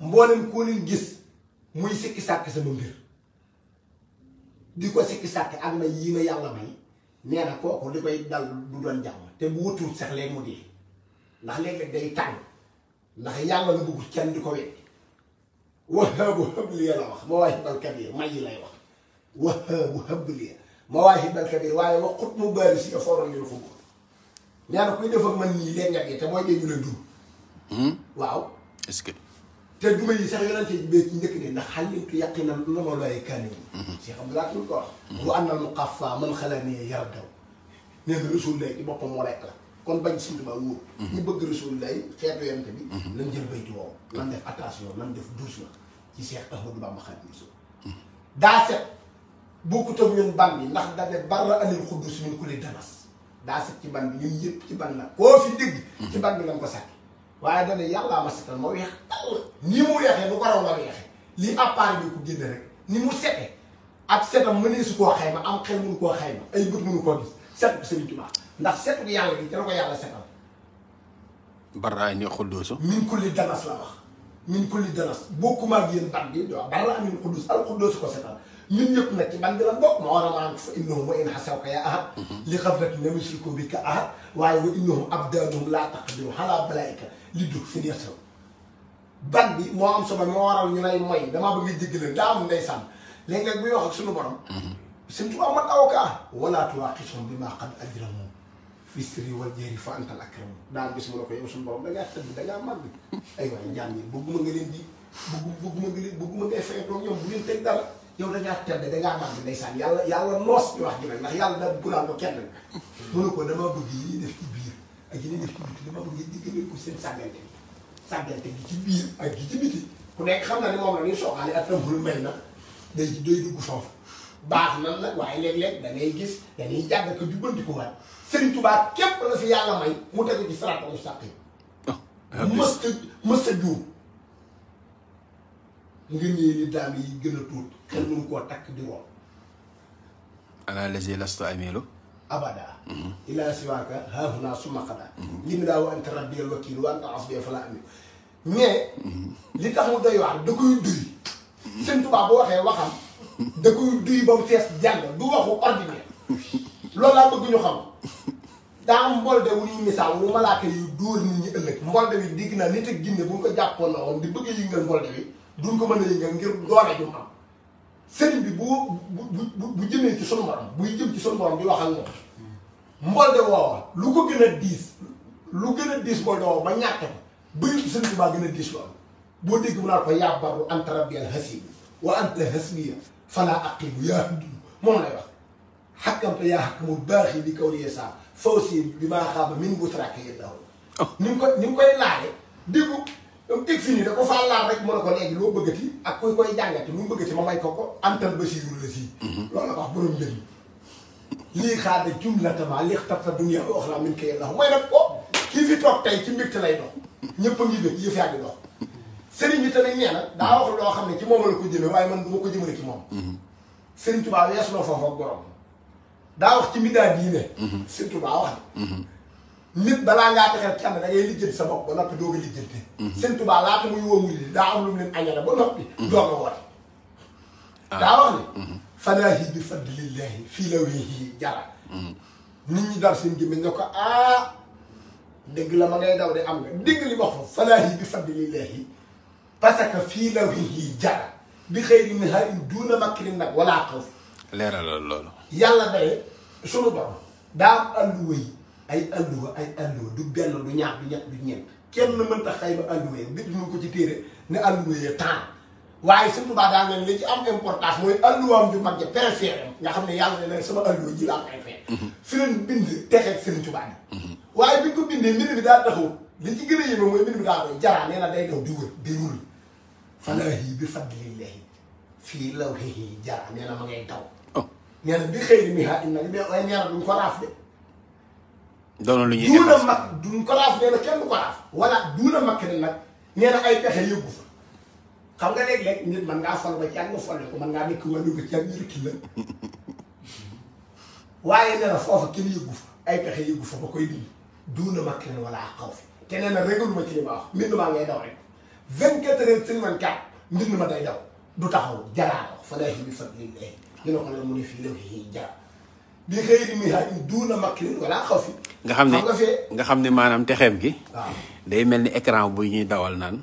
mboolem koo leen gis muy sikki sàkk sama mbir di ko sikki sàkk ak may yi ma yàlla may nee na kooku li koy dal du doon jàmm te bu wutul sax mu dee ndax léegi day tàng ndax yàlla la bëgg kenn di ko weddi wahaabu habliya la wax mawaahibal kabir may yi lay wax wahaabu habliya mawaahibal kabir waaye wa xut mu baari si foron lil xubur nee na kuy def ak man nii leen ñag yi te mooy dee ñu la dund hmm? waaw te duma yi sax yonante bee ci njëkk ne ndax xalimtu yaqinan na ma looy kaani yi si xam laa ko ko wax bu mhm. àndal mu xafa man xala ne yar daw nee na rasulullah ci boppam moo rekk la kon bañ suñu tubaab wóor mhm. ñu bëgg rasulullah xeetu yonante bi mhm. nañ jël baytu woowu nan def attention nan def douce la ci Cheikh Ahmadou Bamba Xaadimu Rasuul daa set bokkut ak ñun ban bi ndax dane barra anil xuddus min kulli danas daa set ci ban bi ñun yëpp ci ban la koo fi dégg ci ban bi ko sàkk وأنا يلا مسكنا ويخ نيمو يخ نقرأ ولا يخ لي أبار بيكو جدنا نيمو سك أكسد من يسقى خيمة أم خيمة نقوى خيمة أي بيت منو قابس سك بسوي كم نك سك ويان لي ترى ويان سك برا إني أخذ دوسو من كل دناس لا من كل دناس بوكو ما جين تبدي دوا برا من كل دوس أو liddu fi mu ban bi moo am solo moo waral ñu lay moy damaa bëgg a jéggi la daa am ndeysaan léeg-léeg buy wax ak suñu borom. Mhm. sëñ Tuubaa man avocat. bi maa xam ajra moom. fii sirri wal jëri fa antal akram daa gis mu la ko da ngaa tëdd da ngaa màgg. aywa jaam yi bëgguma nga leen di bëggu bëgguma nga leen bëgguma ngay fay da ngaa tëdd da ngaa màgg yàlla yàlla noos bi wax ji nag ndax yàlla daa bëgg naa ko kenn. mënu ko damaa bëgg yi def ak yeneen activités dama bëgg ngeen diggante ko seen sàggante sàggante gi ci biir ak gi ci biti ku nekk xam na ne moom la ñuy sooxaale ak tam lu mel na day day dugg foofu baax nan nag waaye léeg-léeg da ngay gis dañuy jàgg ko jubbanti ko waat Sëriñ Tuubaa képp la fi yàlla may mu tegu ci saraat mustaqim oh, ah, mës ta mës ta juum ngir nii li daam yi gën a tuut xel mënu koo takk di woon. ana lazi lasta abada ila siwaaka haahuna suma li mu daa wa anta rabbi al wakil wa anta asbi fala ami mais li tax mu doy waar da koy duy sëñ Tuubaa bu waxee waxam da koy duy ba mu fees jàng du waxu ordinaire loolu laa bëgg ñu xam daa am mbolde wu ñuy misaal wu malaaka yu dóor nit nit ak ginne bu ñu jàppoon na woon di bëgg yëngal mbolde wi duñ ko mën a yëngal ngir doole ju sëriñ bi bu bu bu bu jëmee bu sunu borom buy jëm ci sunu borom di wax ak moom mbolde woowa lu ko gën a diis lu gën a diis mbolde woowa ba ñàkk ko bëri sëriñ bi maa gën a diis loolu boo dégg mu naan ko yàbbaru anta rabbi al hasibu wa anta hasbiya fala aqibu yaa hadiyu moom lay wax xakkamte yaa xakkamul baaxi li kaw liyee faw si bi maa xaaba min bu saraka yëpp daw oh. ni mu ko ni mu koy laale déggu dama teg fii nii da ko faa laal rek mu ne ko léegi loo bëggati ak koy koy jàngati lu mu bëggati ma may ko ko antal basiiru la sii loolu la wax borom mbir mi lii xaada jumlatama lix tabta dunya wa uxra min kay Allah mooy nag ko kii fi toog tey ci mbégte lay dox ñëpp a ngi bëgg yëf yaa ngi dox sëriñ bi tamit nee na daa wax loo xam ne ci moom la ko jëme waaye man du ma ko jëmale ci moom sëriñ Tuubaa weesu na foofu ak borom daa wax ci mi daa diine sëriñ Tuubaa wax ne nit balaa ngaa texeel kenn da ngay lijjanti sa bopp ba noppi doog a lijjanti. sëñ Tuba laata muy woo murid daa am lu mu leen añale ba noppi. doog a woote. daa wax ni. fanaahi bi fadlillahi fii la wéy jara. nit ñi dal seen gémmiñ ne ko ah dégg la ma ngay daw de am nga dégg li wax fa fanaahi bi fadlillahi parce que fii la wéy jara bi xëy na xëy na duuna makkirin nag wala xaw. leeralal loolu. yàlla day sunu borom daa am àll wéy. ay alluwa ay alluwa du benn du ñaar du ñett du ñeent kenn mënta xayma alluwa yi bind ko ci téere ne alluwa yi temps waaye Sëñ Tuubaa daa li ci am importance mooy alluwaam ju mag ja préféré nga xam ne yàlla ne sama alluwa ji laa préféré mhm. fi leen bi mhm. waaye bi ñu ko bindee mbind bi a yéeme bi daa koy jaraa nee na di wër day wër fii lawhihi jaraa nee na ma ngay daw oh. nee na bi xëy mi haa inna waaye nee na duñ ko raaf de doon lu ñuy duuna mag duñ ko raaf nee na kenn du ko raaf wala duuna mag keneen nag nee na ay pexe yëggu fa xam nga léeg-léeg nit man ngaa fol ba ci ak nga folle ko man ngaa nekk wàllu ba ci ak ñu rëkki la waaye nee na foofa kenn yëggu fa ay pexe yëggu fa ba koy dindi duuna mag keneen wala xaw fi te nee na régalu ma ci li ma wax mbind maa ngay daw rek vingt quatre heures sur vingt quatre mbind ma day daw du taxaw jaraa wax fa lay bi fat liñ lay ñu ne ko ne mu ne fii la fii jaraa bi xëy na muy xaaj duuna makkin wala xaw fi. nga xam ne nga xam ne maanaam texeem gi. day mel ni écran bu ñuy dawal naan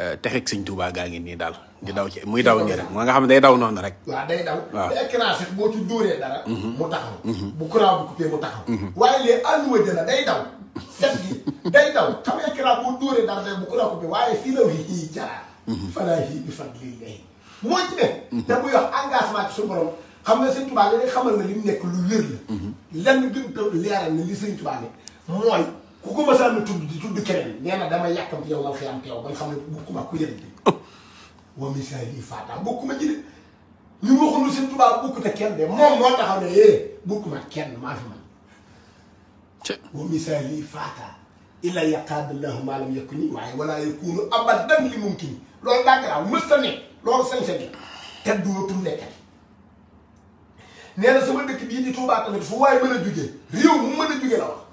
euh, texeeg Sëñ Tuubaa gaa ngi nii daal. di daw ci muy daw nii rek nga xam ne day daw noonu rek. waaw day daw. waaw te écran sax boo ci dóoree dara. Mhm. mu taxaw. Mhm. bu courant bu coupé mu taxaw. Mhm. waaye léegi àlluwa de la day daw. set gi day daw xam écran boo dóoree dara day bu courant coupé waaye fii la wi yii jaraa. fanaa yii bi fan lii lay. moo ci ne. te buy wax engagement ci suñu borom. xam nga sëñ Tuubaa léegi xamal na li mu nekk lu wér la lenn gën te leeral na li sëñ Tuubaa ne mooy ku ko masaan tudd di tudd keneen nee na dama yàkkam yow wal xiyam teew ba nga xam ne bokkuma ku yëg bi wa misaal yi faata bokkuma ci de ñu waxuñu sëñ Tuubaa bokkute kenn de moom moo taxaw ne eh bokkuma kenn maa fi man wa misaal yi faata illa yaqaadallahu ma lam yakuni waaye wala yakunu abadan li mumkin loolu daa garaaw mës ta ne loolu sañ-sañ la te dootul nekkati neena sama dëkk bi di Touba tamit fu way mën a jugee réew mu mën a la wax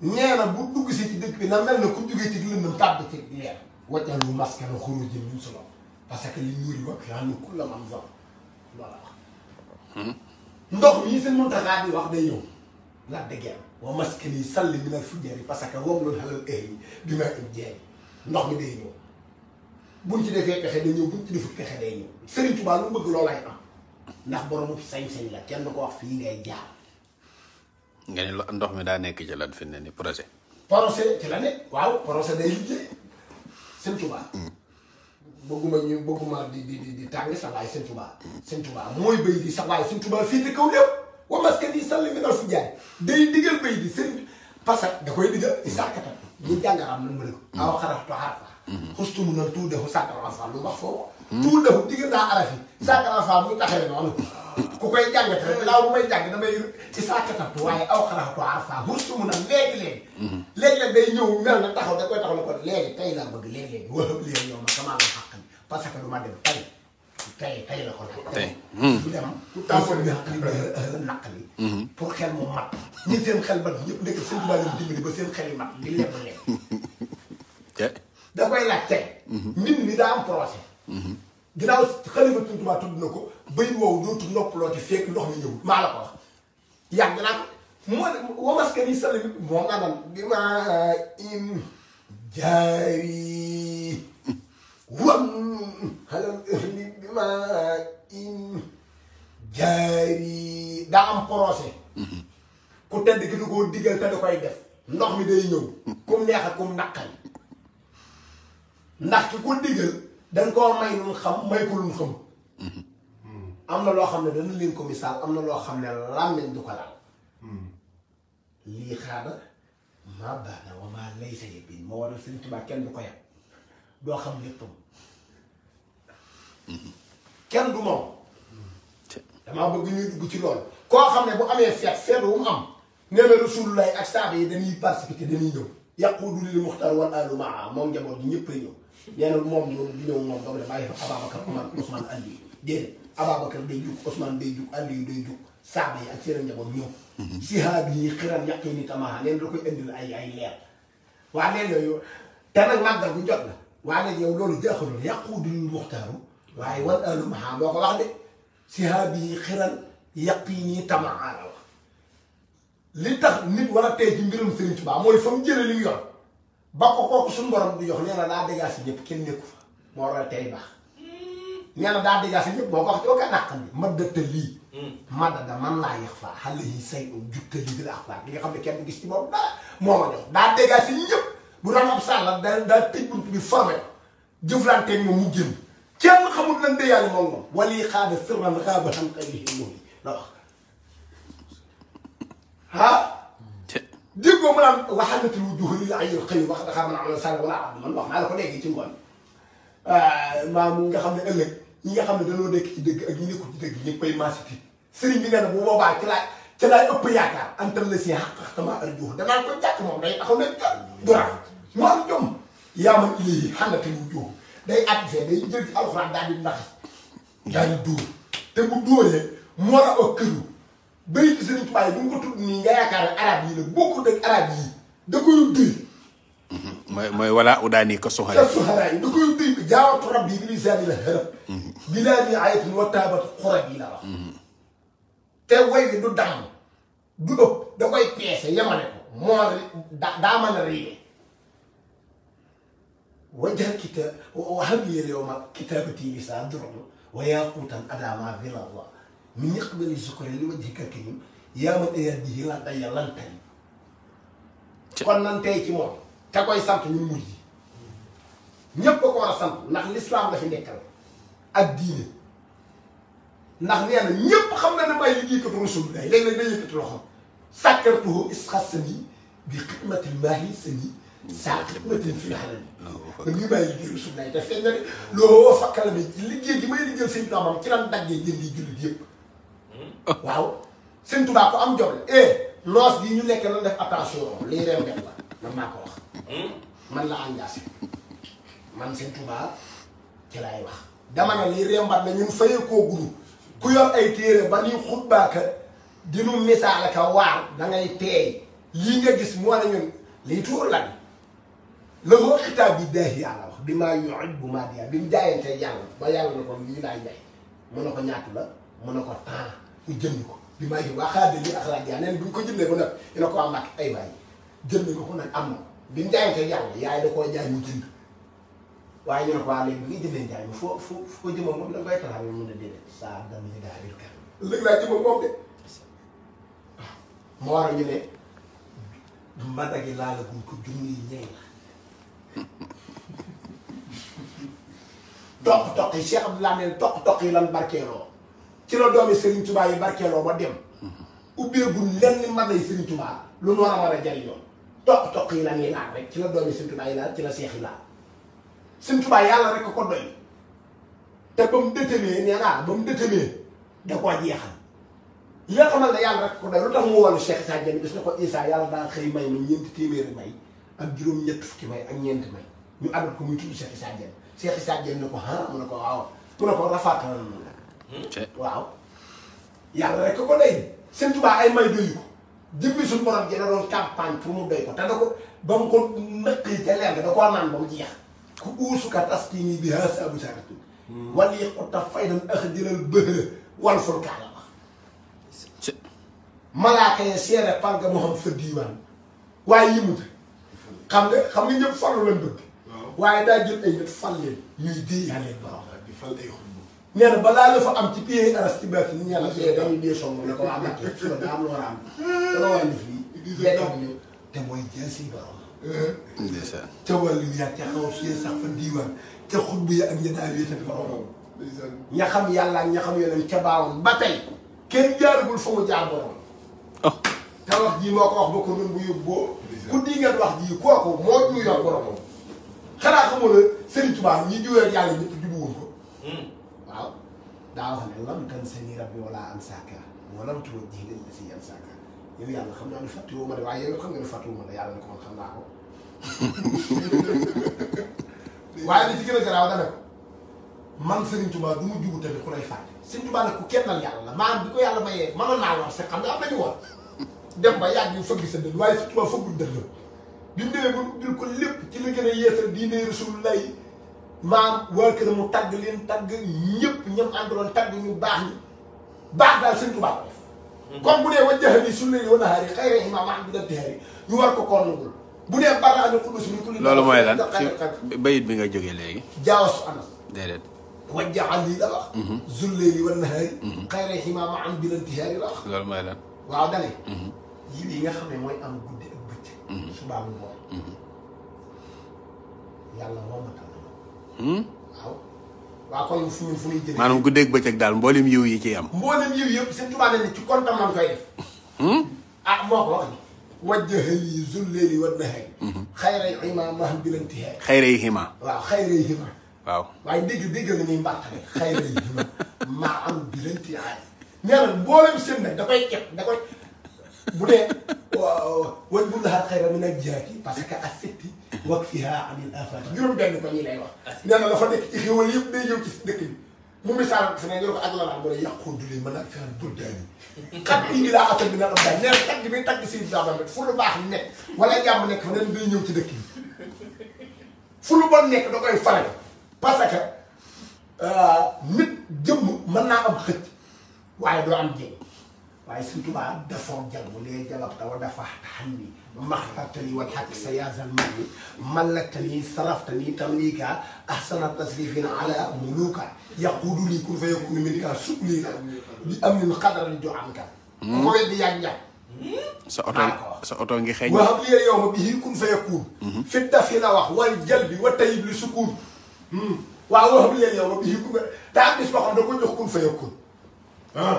neena bu dugg ci ci dëkk bi na melna ku jugee ci lëndëm tab ci leer wajjal lu masque la xuru ji ñu solo parce que li nuri wax yaa ni ku la man zam loola ndox mi seen Muntaxa di wax day ñëw la degge wa masque nii sall mi na fujjar parce que woom lu halal e bi ma ci jeey ndox mi day ñëw buñ ci defé pexe day ñëw buñ ci defut pexe day ñëw Serigne Touba lu bëgg lolay am ndax boromu sañ-sañ la kenn du ndox mi daal nekk ci lan ne ni projet. projet ci la ne waaw projet day liggéey sëñ Tuubaa. Mm. bëgguma ñu bëgguma di di di di tàng sa baay sëñ mooy béy di sa baay sëñ fii te kaw lépp wa parce que di mi nal si jaay day digal béy di sëñ parce da koy digal di sàkkatam ñu jàngaram lan ma mm. dëkk. aw xaraf to xarafa. Mm. xustu mu nal tuuti de xu sàkkaram lu wax foofu. tuur dafu diggante araf yi saakara faam mu taxawee noonu ku koy bu may jàng damay ko arfa wursu a da koy taxaw na ko léegi tey laa bëgg léeg-léegi waxab léegi yow ma sama la xàq ni parce la ko mm-hmm. pour xel mu mat ñi seen ba seen xel yi mat di eh. mm-hmm. daa am projet ginnaaw xalifa Sëriñ Tuubaa tudd na ko bëy woowu dootu noppaloo ci fekk ndox mi ñëwul maa la ko wax yàgg naa ko moo wamaska ni sali jaari daa am procès ku tedd ki du koo diggal te du koy def ndox mi day ñëw kum neex ak kum naqal ndax ki ko diggal da nga koo may lu xam may ko lu xam. Mm-hmm. am na loo xam ne dana leen ko misaal am na loo xam ne làmmiñ du ko laal. Mm-hmm. lii xaaba maa baana wa maa laysa bi moo waral Sëriñ Tuubaa kenn du ko yem doo xam léppam mm-hmm. kenn du moom. damaa bëgg ñuy dugg ci lool koo xam ne bu amee feet feet wu mu am. nee na Rasulullah ak saaba yi dañuy participer dañuy ñëw. yàquwul li muxtar wal ma maa moom njaboot ñëpp a ñëw. nee na moom ñoom du ñëw moom dama ne bàyyi fa Ababacar Omar Ousmane Aliou déedéet Ababacar day jug Ousmane day jug Aliou day jug saaba yi ak seen njaboot ñoom. sihaab yi xiran yaqini tamaha leen da koy indil ay ay leer. waa leen yooyu te nag màggal bu jot la waa léegi yow loolu jaaxalul yàquwul duñu muxtaaru waaye war alu maha moo ko wax de sihaab yi xiran yaqini tamaha la wax li tax nit war a tey ci mbirum Serigne Touba mooy fa mu jëlee li mu yor. ba ko kooku suñu borom du jox nee na daa déggaas yi ñëpp kenn nekku fa moo waral tey baax nee na daa déggaas moo ko wax ci ba gànnaaw xam ne maddata lii. Hmm. man laa yëg faa xale yi say jutta lii bi la ak faa li nga xam ne kenn gis ci moom dara moo ma jox daa déggaas yi ñëpp bu doon am sàlla daa daa tëj bunt bi formé jëflanteeg moom mu génn kenn xamul lan de yàlla moom moom wala yi xaada sirran xaaba xam xëy na moom la wax ah. déggoo mu naan waxalati wujuuh lil ayyi xëy wax daxaa mën a amal sànni wala abd man wax naa la ko léegi ci ngoon euh, maam nga xam ne ëllëg ñi nga xam ne dañoo nekk ci dëgg ak ñi nekkul ci dëgg bi nee na bu boobaa ci laaj ci laay ëpp yaakaar antal la si xaq xamaa al juux danaan ko jàkk moom day taxaw ne dora mu am jom yaa man ilay xàllati wujuuh day adfee day a ci alxuraan daal di nax daal di dóor te bu dóoree moo la ëpp këru bayti Serigne Touba yi bu nga ko tudd nii nga yaakaar ne arab yi la bokkut ak arab yi da koy duy. mooy mooy wala udaani ka suxara. ka suxara yi da koy duy bi jaawatu rab yi bi lisaani la xërab. bilaa ni ayatin wa taabatu xurab yi la wax. te way bi du damm du ëpp da koy peese yemale ko moo da daa mën a réer. wajjal kita waxal yéen yow ma kitaabati lisaa durum wa yaaquutan adama villallah من يقبل الشكر اللي وجهك كريم يا من يرده لا تيال لنتين كون ننتين كي مور تاكوي سانت ني موي نيب كو ورا سانت ناخ الاسلام دا في نيكال اك دين ناخ نينا نيب خمنا نا باي لي كتو رسول الله لي لي نيب كتو لوخو سكرته اسخسني بخدمه الله سني ساعة ما تنفي حالا ما يبقى يجي رسول الله تفعلنا لو فكر من اللي جي ما يجي رسول الله ما كنا نتجي جي اللي جي waaw sëñ Tuubaa ko am jom la eh loos bii ñu lekk lan def attention lii rem la man maa ko wax hmm? man la engagé man sëñ Tuubaa ci laay wax dama ne lii rembat la ñun fayee koo gulu ku yor ay téere ba ñuy xutbaaka dinu misaal aka waar da ngay teey lii nga gis moo ne ñun lii tuur lan la ko xitaab bi deex yàlla wax bi maa yoxit bu maa bi mu jaayantee yàlla ba yàlla na ko lii laay jaay mun na ko ñaatu la mun na ko temps mu jënd ko bi maa ngi waxaat dañuy axalaat yaa neen bu ñu ko jëndee ba nag dina ko am ak ay waay jënd nga ko nag am na bi mu jaayee ko yàlla yaay da koo jaay mu jënd waaye ñu ne ko waa léegi bi nga jëndee jaay ma foo foo foo jëmoon moom da nga koy taxaw mu ne déedéet saa dama ñu daal di kan léegi laa jëmoon moom de waaw moo waral ñu ne mbada gi laala buñ ko junniy ñeeg la toq toq yi Cheikh Abdoulaye neen toq toq yi lan barkeeloo ci la doomi Serigne Touba yi barkeeloo ba dem ubbeegul lenn mën ay Serigne Touba lu mu war a a jariñoo toq toq yi la ñuy laal rek ci la doomi Serigne Touba yi laal ci la seex laal Serigne Touba yàlla rek ko doy te ba mu détenee nee naa ba mu détenee da koo jeexal li nga yàlla rek ko doy lu tax mu wàllu Cheikh Issa Diagne gis na ko Issa yàlla daa xëy may ma ñeenti téeméeri may ak juróom-ñett fukki may ak ñeenti may ñu adat ko muy tudd Cheikh Issa Diagne waaw yàlla rek ko doy sëñ Tuubaa ay may doyu ko jëmmi suñu borom ji da doon campagne pour mu doy ko te da ko ko nëkk ca leer da koo naan ba jeex ku uusukat askini bi haas abu saakatu wala yëqutta faydan ak jëlal wal fulkaa la wax malaaka panga mu xam sa diiwaan waaye yimuta xam nga xam nga ñëpp falu lañ bëgg waaye daa jël ay nit fal leen ñuy déeyaleen borom di fal ay nee na balaa la fa am ci pied aristibert ni ñàlla fee dañuy dee song la ko am ak suba daa am lu war a am dama war a def lii day dox ñëw te mooy jël si borom ndeysaan te wàllu yaa ca xaw siyee sax fa diiwaan te xut bi ak ña daa wéete borom ña xam yàlla ak ña xam yoonam ca baawoon ba tey kenn jaaragul fa mu jaar borom te wax jii moo ko wax ba ko doon bu yóbboo ku diigal wax jii kooku moo juuyoon boromam xanaa xamoo ne Sëriñ Tuubaa ñi juuyoon yàlla ñëpp jubuwuñ ko دعوة لم تنسني ربي ولا أنساك ولم توديه لي في أنساك يو يا الله خمنا نفتي وما دعي يو خمنا نفتي وما دعي الله نكون خمنا عقو وعند تكلم جرا هذا لك من سن جبا دم جبو تبي كنا يفعل سن جبا لك كيف نال يا الله ما عندي كوي الله ما يه ما لنا نعور سكان ده أبدي وار دم بيا دي فوق بس الدنيا فوق بس الدنيا بيندي بيقول كل لب تلقي نيسر دينير سول الله maam waa kër mu tagg leen tagg ñëpp ñam àndaloon tagg ñu baax ñi baax daal sëñ Tuubaa ko hmm. bu nee wajjax ni sulle yi wan a xaari xëy na imaam ko bu nee baraani xudus mi ku loolu mooy lan bayit bi nga jógee léegi jaawasu anas déedéet wajjaxal lii hmm. yi wan na xaari hmm. xëy na imaam ahmad bi yi nga xam ne mooy am guddi ak bëccëg subaa mu ngoon yàlla moo waaw waa kon fu ñun fu ñuy jëlee maanaam guddeeg bëccëg daal mboolem yiw yi ciy am mboolem yiw yëpp sëñ Tuubaa ne ci kontam lañ koy def ah moo ko wax ni wajjahal yi zulleeli wa nahay xayray xima maham bilantihe xayray xima waaw xayray xima waaw waaye dégg dégg nga ñuy mbàq ne xayray xima maa am bilantihe nee na mboolem sën nag da koy ket da koy بودي ونقول لها خير من الجاك باسكو الست وقفها عن الافات جروم بن كو لاي واخ نانا لا فا نيك خيول ييب دي نيو تي دك مو مثال سنا نيو اك لا بودي يقود لي منا في البلدان قد اني لا اعطي من الابدان نير تك بي تك سي دابا فول باخ نيك ولا جام نيك فنان بي نيو تي دك fulu bon nek da koy faral parce que euh nit jëm man na am xëc waye waaye suñ tubaab dafoo jagu lee jalab tawa dafa taxanni maxtartani wan xaq sa yaasal magni mallaktani saraftani tamlika ahsana tasrifin ala muluka yaqudu li kun fa yakunu minka sublina bi amin qadar jo anka mooy di yàgg njàpp sa oto sa oto ngi xeeñ wa habliya yawma bihi kun fa yakun fi dafi la wax wal jalbi wa tayib li sukun waaw wa habliya yawma bihi kun daa bis boo xam da ko jox kun fa yakun ah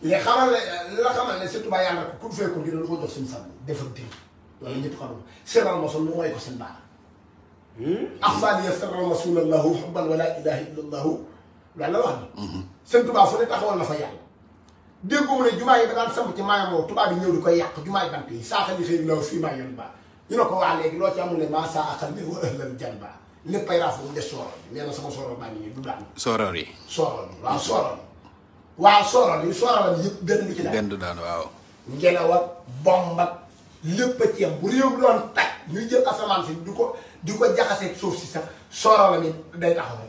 li xamal li la xamal ne surtout ba yàlla ku fee ko gënal ko jox suñu sàmm dafa dégg loolu ñëpp xam nga seeral ma sol mu mooy ko seen baara. afdaal yasara rasulallahu xubban wala ilaha illallahu loolu la wax ni. seen tubaab fu ne taxawal na fa yàlla. dégg mu ne jumaa yi da daan samp ci maayamoo tubaab yi ñëw di koy yàq jumaa yi bant yi saa xali xëy law fii maa yoon baa ñu ne ko waa léegi loo ci amul ne maa saa akal bi wa ëllëg jan baa léppay raafu mu des sooroor bi nee na sama sooroor baa ngi nii du daan. sooroor yi. sooroor yi waaw sooroor yi waa sooral yi sooral yëpp benn ci daan benn daan waaw ngelaw ak bomb ak lépp ci yam bu réew doon taj ñuy jël asamaan si di ko di ko jaxaseeg suuf si sax sooral yi day taxawal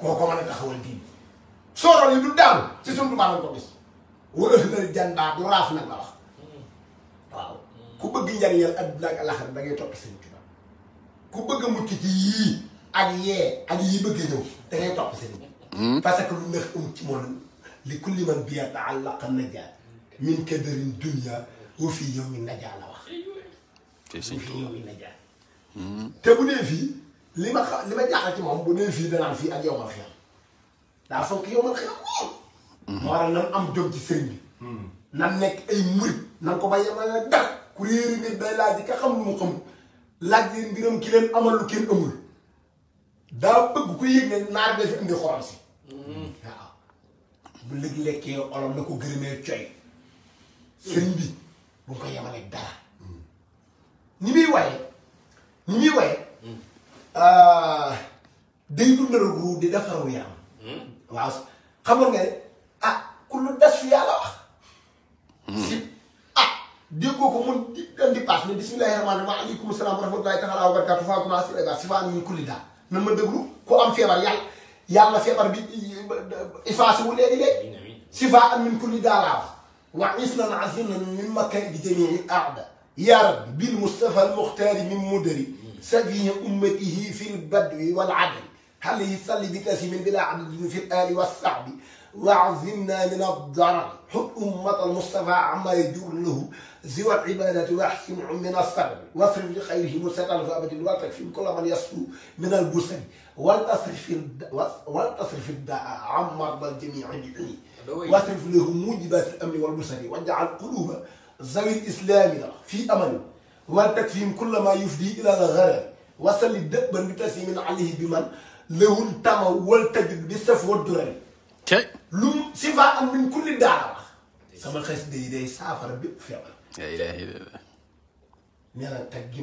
kooko mën a taxawal diin sooral yi du daanu ci suñ tubaa ko gis wala lal jandaa du raaf nag la wax waaw ku bëgg njariñal adduna ak alaxar da ngay topp sëñ tubaa ku bëgg mucc ci yii ak yee ak yii bëgg da ngay parce que lu neex um ci moom li kulli man bi yata'allaq najaa min kadarin dunya wa fii yawmi najaa la wax. te sëñ Tuuba yawmi najaa. te bu dee fii li ma xa li ma jaaxal ci moom bu dee fii danaan fii ak yawmal xiyaam daa fonk yawmal xiyaam moom. moo waral nan am jom ci sëñ bi. nan nekk ay murit nan ko bàyyi ma ne dara ku réeri nit day laaj ka xam lu mu xam laaj leen mbiram ki leen amal lu kenn amul daa bëgg ku yëg ne naar bi fi indi xorom si. bu lëg lekkee olof na ko gërëmee coy sëriñ bi bu ko yemale dara ñi muy waye ñi muy waye ah, day dundal ruu di defaru yaram waaw xamoon nga ne ah ku lu si ah déggoo ko mun di paas ne bismillahi rahmaani rahim wa aleykum salaam wa rahmatullahi taala wa barakatu faa commencé si faa ñu kulli daal na ma déglu ku am feebar yàlla يالله في ضرب إفاس ولا إلى شفاء من كل دار وعيسنا عزيزنا من مكان جميع الأعداء يا رب بالمصطفى المختار من مدري سفيه أمته في البدو والعدل هل يصلي بتسم بلا عبد في الآل والصعب وعزمنا من الضرر حب أمة المصطفى عما يدور له زوى العبادة واحسن من الصبر واصرف لخيره مسألة الغابة الواقع في كل من يصفو من البسل ولتصرف الد... ولتصرف الداء عمر مرضى الجميع بعلمي إيه؟ واصرف لهم موجبات الامن والبصر واجعل قلوب ذوي الاسلام في امل وتكفيهم كل ما يفدي الى الغرر وصل الدب بتسليم عليه بمن له التمر والتجد بالسف والدرر لم سفاء من كل داء sama الخيس دي دي سافر بفعل feebar. yaa ilaahi. nee na tag gi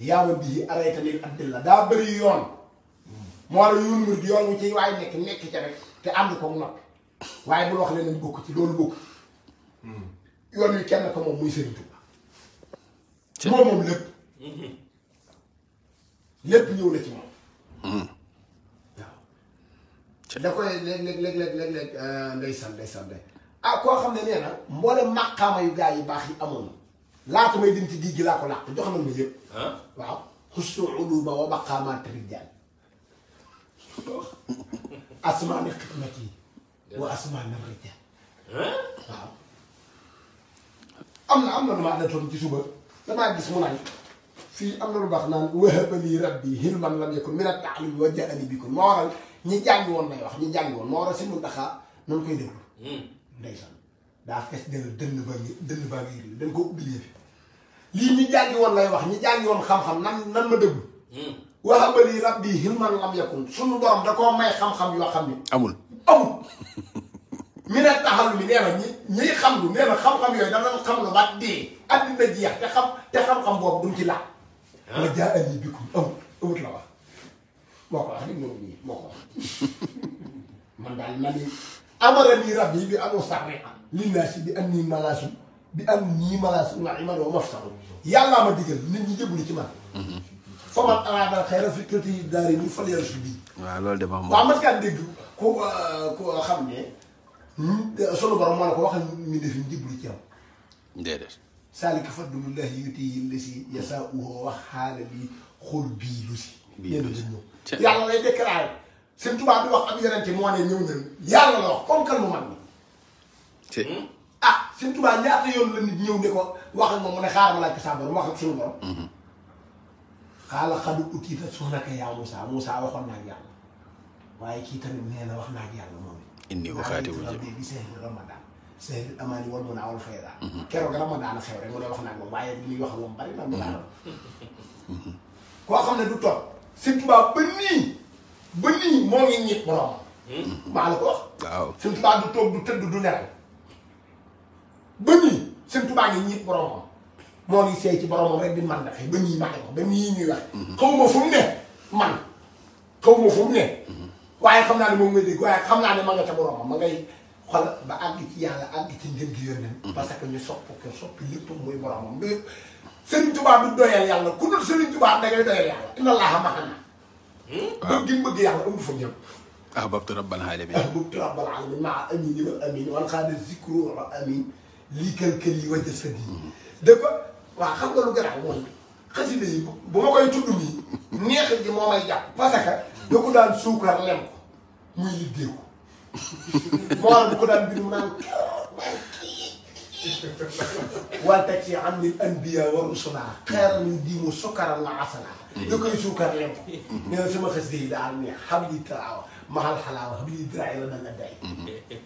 yaa ma bii arrêté lil abdillah daa bëri yoon moo war a yoon mbir di yoon wu ci waaye nekk nekk ca rek te ànd ko noppi waaye bul wax leneen bokk ci loolu bokk yoon wi kenn ko moom muy Sëriñ Tuubaa moom moom lépp lépp ñëw la ci moom da koy léeg-léeg léeg-léeg léeg-léeg ndeysaan ndeysaan ah koo xam ne nee na mboole màqaama yu gaa yi baax yi amoon لا تمي دين تي جي لا كو لا جو خامن ما ييب ها واو خشوع علوبا وبقامات الرجال اسماء الحكمتي واسماء الرجال ها واو امنا امنا ما عندنا تروم تي سوبر دما غيس مو ناي في امنا لو باخ نان وهب لي ربي هلما لم يكن من التعليم وجاني بكم ما ورا ني جاغي وون ماي واخ ني جاغي وون مو ورا سي مو دخا نون كاي ديغ ندايسان دا فاس ديغ دن با دن با ديغ دن كو اوبليي lii ñi jàngi woon lay wax ñi jàngi woon xam-xam nan nan ma déglu. Hmm. waxamali rabbi hilman lam yakun sunu borom da koo may xam-xam yoo xam ni. amul amul. mi ne taxalu mi na ñi xam lu nee na xam-xam yooyu danañ xam lu ba dee. addina jeex te xam te xam-xam boobu duñ ci ma jaa ali bikum amul amut la wax moo ko wax rek moom nii moo ko wax rabbi bi amu sarri am. li naa bi am nii malaasum bi am ñii ma laa suñu iman wa maftaru yàllaa ma digal nit ñi jébbalu ci man faman araada xayra fi kati yi daari ni fal yarsu bii waaw loolu de moom waaw mas kaa dégg ku ku xam ne sunu borom moo ne ko waxal mi def ñu jébbalu ci am déedéet saalika fadlullahi yutiyi lisi yasaauhu wax xaala lii xóol bii lu si ñenn di ñëw yàlla lay déclaré seen tubaab bi wax ak yonente moo ne ñëw na yàlla la wax comme kan mu man ni sëñ Tuubaa ñaata yoon la nit ñëw ne ko wax ak moom mu ne xaaral ma laaj ko saa borom wax ak mhm. kii tamit nee na wax naa ak yàlla mun mhm. a awal fayda. keroog Ramadan xew rek mu ne wax naa ak moom waaye li wax moom bari na mu daal. Mhm. koo xam ne du toog sëñ Tuubaa ba nii ba nii moo ngi ñib borom. maa la ko wax. waaw sëñ du toog du tëdd du sëñ Tuubaa ngi ñiit boromam moo ngi seey ci boromam rek di man dafay ba nii waxe ko ba nii ñuy wax xaw ma fu mu ne man xaw ma fu mu ne waaye xam naa ne moom nga dégg waaye xam naa ne ma nga ca boromam ma ngay xol ba àgg ci yàlla àgg ci njëm gi yónneen parce que ñu sopp ko soppi lépp muy boromam lépp sëriñ Tuubaa du doyal yàlla ku dul sëriñ Tuubaa da ngay doyal yàlla inna allaha maana ah. bëgg gi bëgg yàlla amul fa ñëpp ahbabtu rabbal alamin ahbabtu rabbal alamin maa amin wal amin wal xaada zikru amin لي كان كان لي واد الفدي دابا واخا خلو لو غير عوض قصيده بما كاي تودمي نيخ دي موماي جا باسكا دوكو دان سوكر لم مي يديو مار دوكو دان بيرو نان والتاكسي عند الانبياء والرسل خير من ديم سكر العسل دوكو سوكر لم نيو سما خسدي دا عمي حبيبي تاعو mahal xal xalaawa bi ñuy draay la da nga day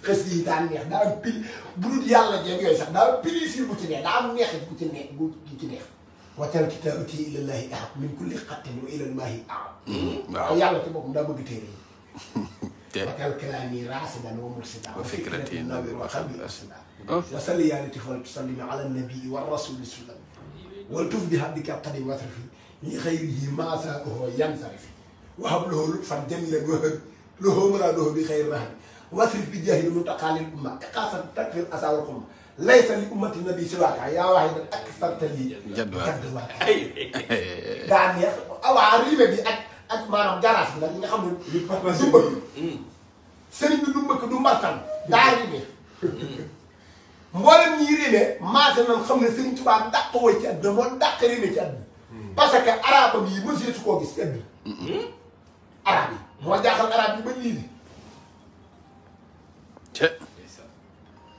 xës yi daan neex daa am pili bu dul yàlla jeeg yooyu sax daa am pili si bu ci neex daa am bu ci neex bu ci neex waccal kitaabati ilallahi ahab min kulli xattin wa ilallahi ahab waaw yàlla ci boppam daa bëgg téere yi waccal kalaami raasidan wa mursidan wa fikrati nawir wa xabi arsida wa salli yaa latif wal tusallim ala nabi wa rasul sallam wal tuf bi haddika qadim wasrifi li xayrihi maasaa huwa yansarifi wa hablahu lutfan jamilan wa loxoo mën a doxo bi xëy rax bi wasrif bi jaahi lu mu taqaalil umma iqaasan takfir asawal xumma laysa li ummati nabi si waaka yaa waaye nag ak sartali jadd waaka daa neex awaa riime nga xam ne du mbëkk sëriñ bi du mbëkk du mbartan daa nan xam ne sëriñ Tuubaa dàq woy ci àdduna moo dàq riime ci àdduna hmm. parce que arabam yi mësee su koo gis moo jaaxal arab yi ba lii de. te.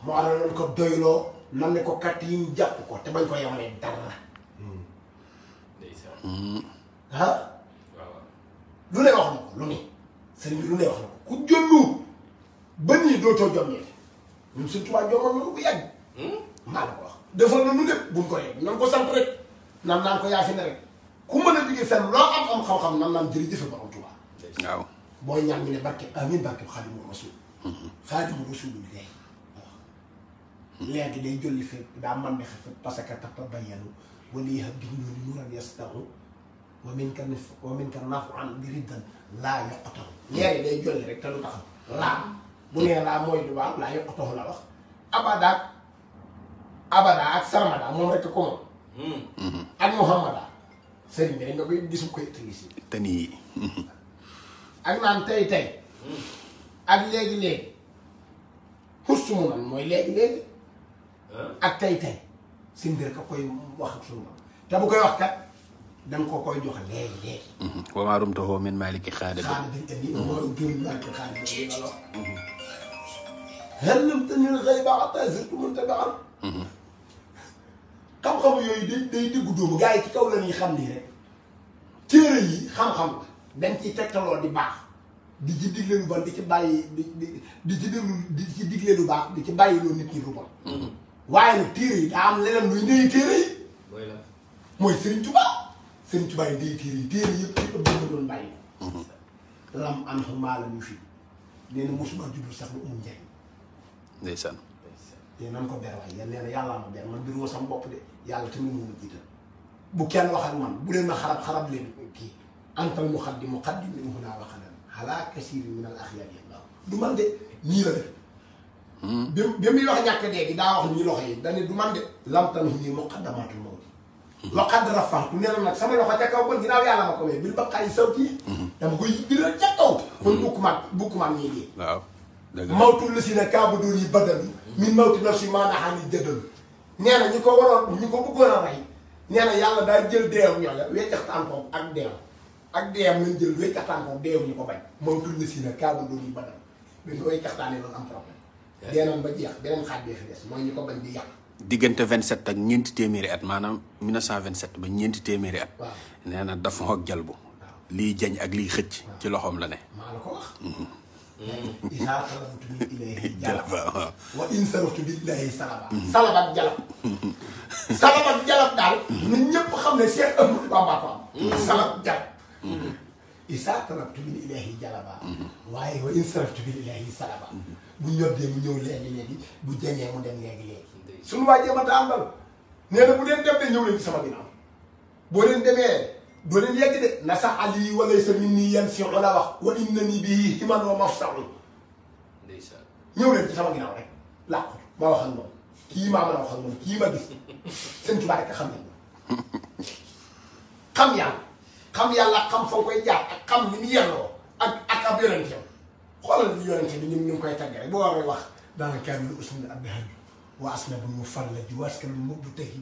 moo waral nañ ko doyloo nam ne ko kàtt yi ñu jàpp ko te bañ ko yemale dara. ah. lu ne wax na lu ne wax na ko ku jollu ba nii dootoo jom ñeete ñun suñ tubaab jomoon na ko yàgg. maa hmm? la ko wax defal lu lépp buñ ko yegg nan ko sant rek nan naan ko yaafi na rek ku mën a jóge fenn loo am am xam-xam nan naan jërëjëfe borom بوينيام نعم. يعني من بركة أمين آه، بركة خادم الرسول خادم الرسول الله لكن دي جولي في بعمر مخف بسكة تبينه واللي يهدون النور يستغو ومن كان ومن كان نافع عن بريدا لا يقطعه ليه دي جولي ريك تلو تخل لا بني طيب. لا موي دوا لا يقطعه لا وخ أبدا أبدا أكثر مدا مومي تكوم أن محمد سيري مرين دوبي جسم كويتريسي تاني أجنان تي تي أجنان تي تي أجنان تي تي أجنان تي تي أجنان تي تي أجنان تي تي أجنان تي تي أجنان تي تي أجنان تي تي أجنان تي تي أجنان تي تي أجنان تي تي أجنان تي تي أجنان تي تي أجنان تي تي كم خم يدي دي دي غدوم غاي كي كاولاني خامني رك تيري خام خام dañ ciy tegtaloo di baax di ci digle lu bon di ci bàyyi di di di ci déglu di ci digle lu baax di ci bàyyi loo nit ki lu bon. Mm-hmm. waaye nag téere yi daa am leneen luy ndey téere yi. mooy la mooy Serigne Touba yi ndey téere yi téere yëpp ci ëpp dama doon mm-hmm. na ko ber waay yéen nee na yàlla ma ber man biiroo sama bopp de yàlla tamit mu ma jiital bu kenn wax ak man bu leen ma xarab xarab leen kii. antal mu xaddi mu xaddi min hunaa wa xalan xalaa kasiir min al axyaar du man de nii la hmm. bi muy wax ñàkk dee gi daa wax nii loxo yi dañuy du man de. lamtan nii muqaddamaatul mawt. wa hmm. qad rafa'tu nee na nag sama loxo ca kaw kon ginnaaw yàlla ma ko may bil baqaa'i sawti hmm. dama koy yittilal ca kaw. kon bukkumaat bukkumaat ñuy dee. waaw dëgg la mawtul la si ne kaabadoor yi badal. min mawti nafsi maa naxaani jadal. nee na ko waroon ñi ko bëggoon a rey. nee yàlla daal jël deewam ñooñu weccaxtaan ak dem lañ jël doy kaxtaan ko dem ñu ko bañ moom tuñ na si ne kaabu doon yu banal bi doy kaxtaane loolu am problème deenam ba jeex beneen xaat bee fi des mooy ñu ko bañ di yàq digënté 27 ak ñent téeméeri at manam 1927 ba ñent téeméeri at néna na dafa ak jalbu li jagn ak li xëc ci loxom la ne maa la ko wax إذا طلبت من إليه جلبا وإن سرفت Mm-hmm. isa tarabtu min ilahi jalaba mm-hmm. waaye wa in saraftu min ilahi salaba mm-hmm. bu ñoddee mu ñëw léegi-léegi bu jañee mu dem léegi-léegi suñu waa jéemata àndal nee na bu leen dem de ñëw leen ci sama ginnaaw boo leen demee doo leen yegg de na sa ali walay sa min nii yan si la wax wa inna nii bii himan wa mafsaun ñëw leen ci sama ginnaaw rek làqu ma wax ak moom kii maa mën a wax ak kii ma gis seen tubaab rek xam ne xam yàlla xam yàlla ak xam nga koy jaar ak xam ni mu yelloo ak ak ab yonente xoolal yonente bi ñun ñu koy tagg rek boo waree wax daana kaamil usman ab dahab wa asnabul mufallaj wa askanul mubtahi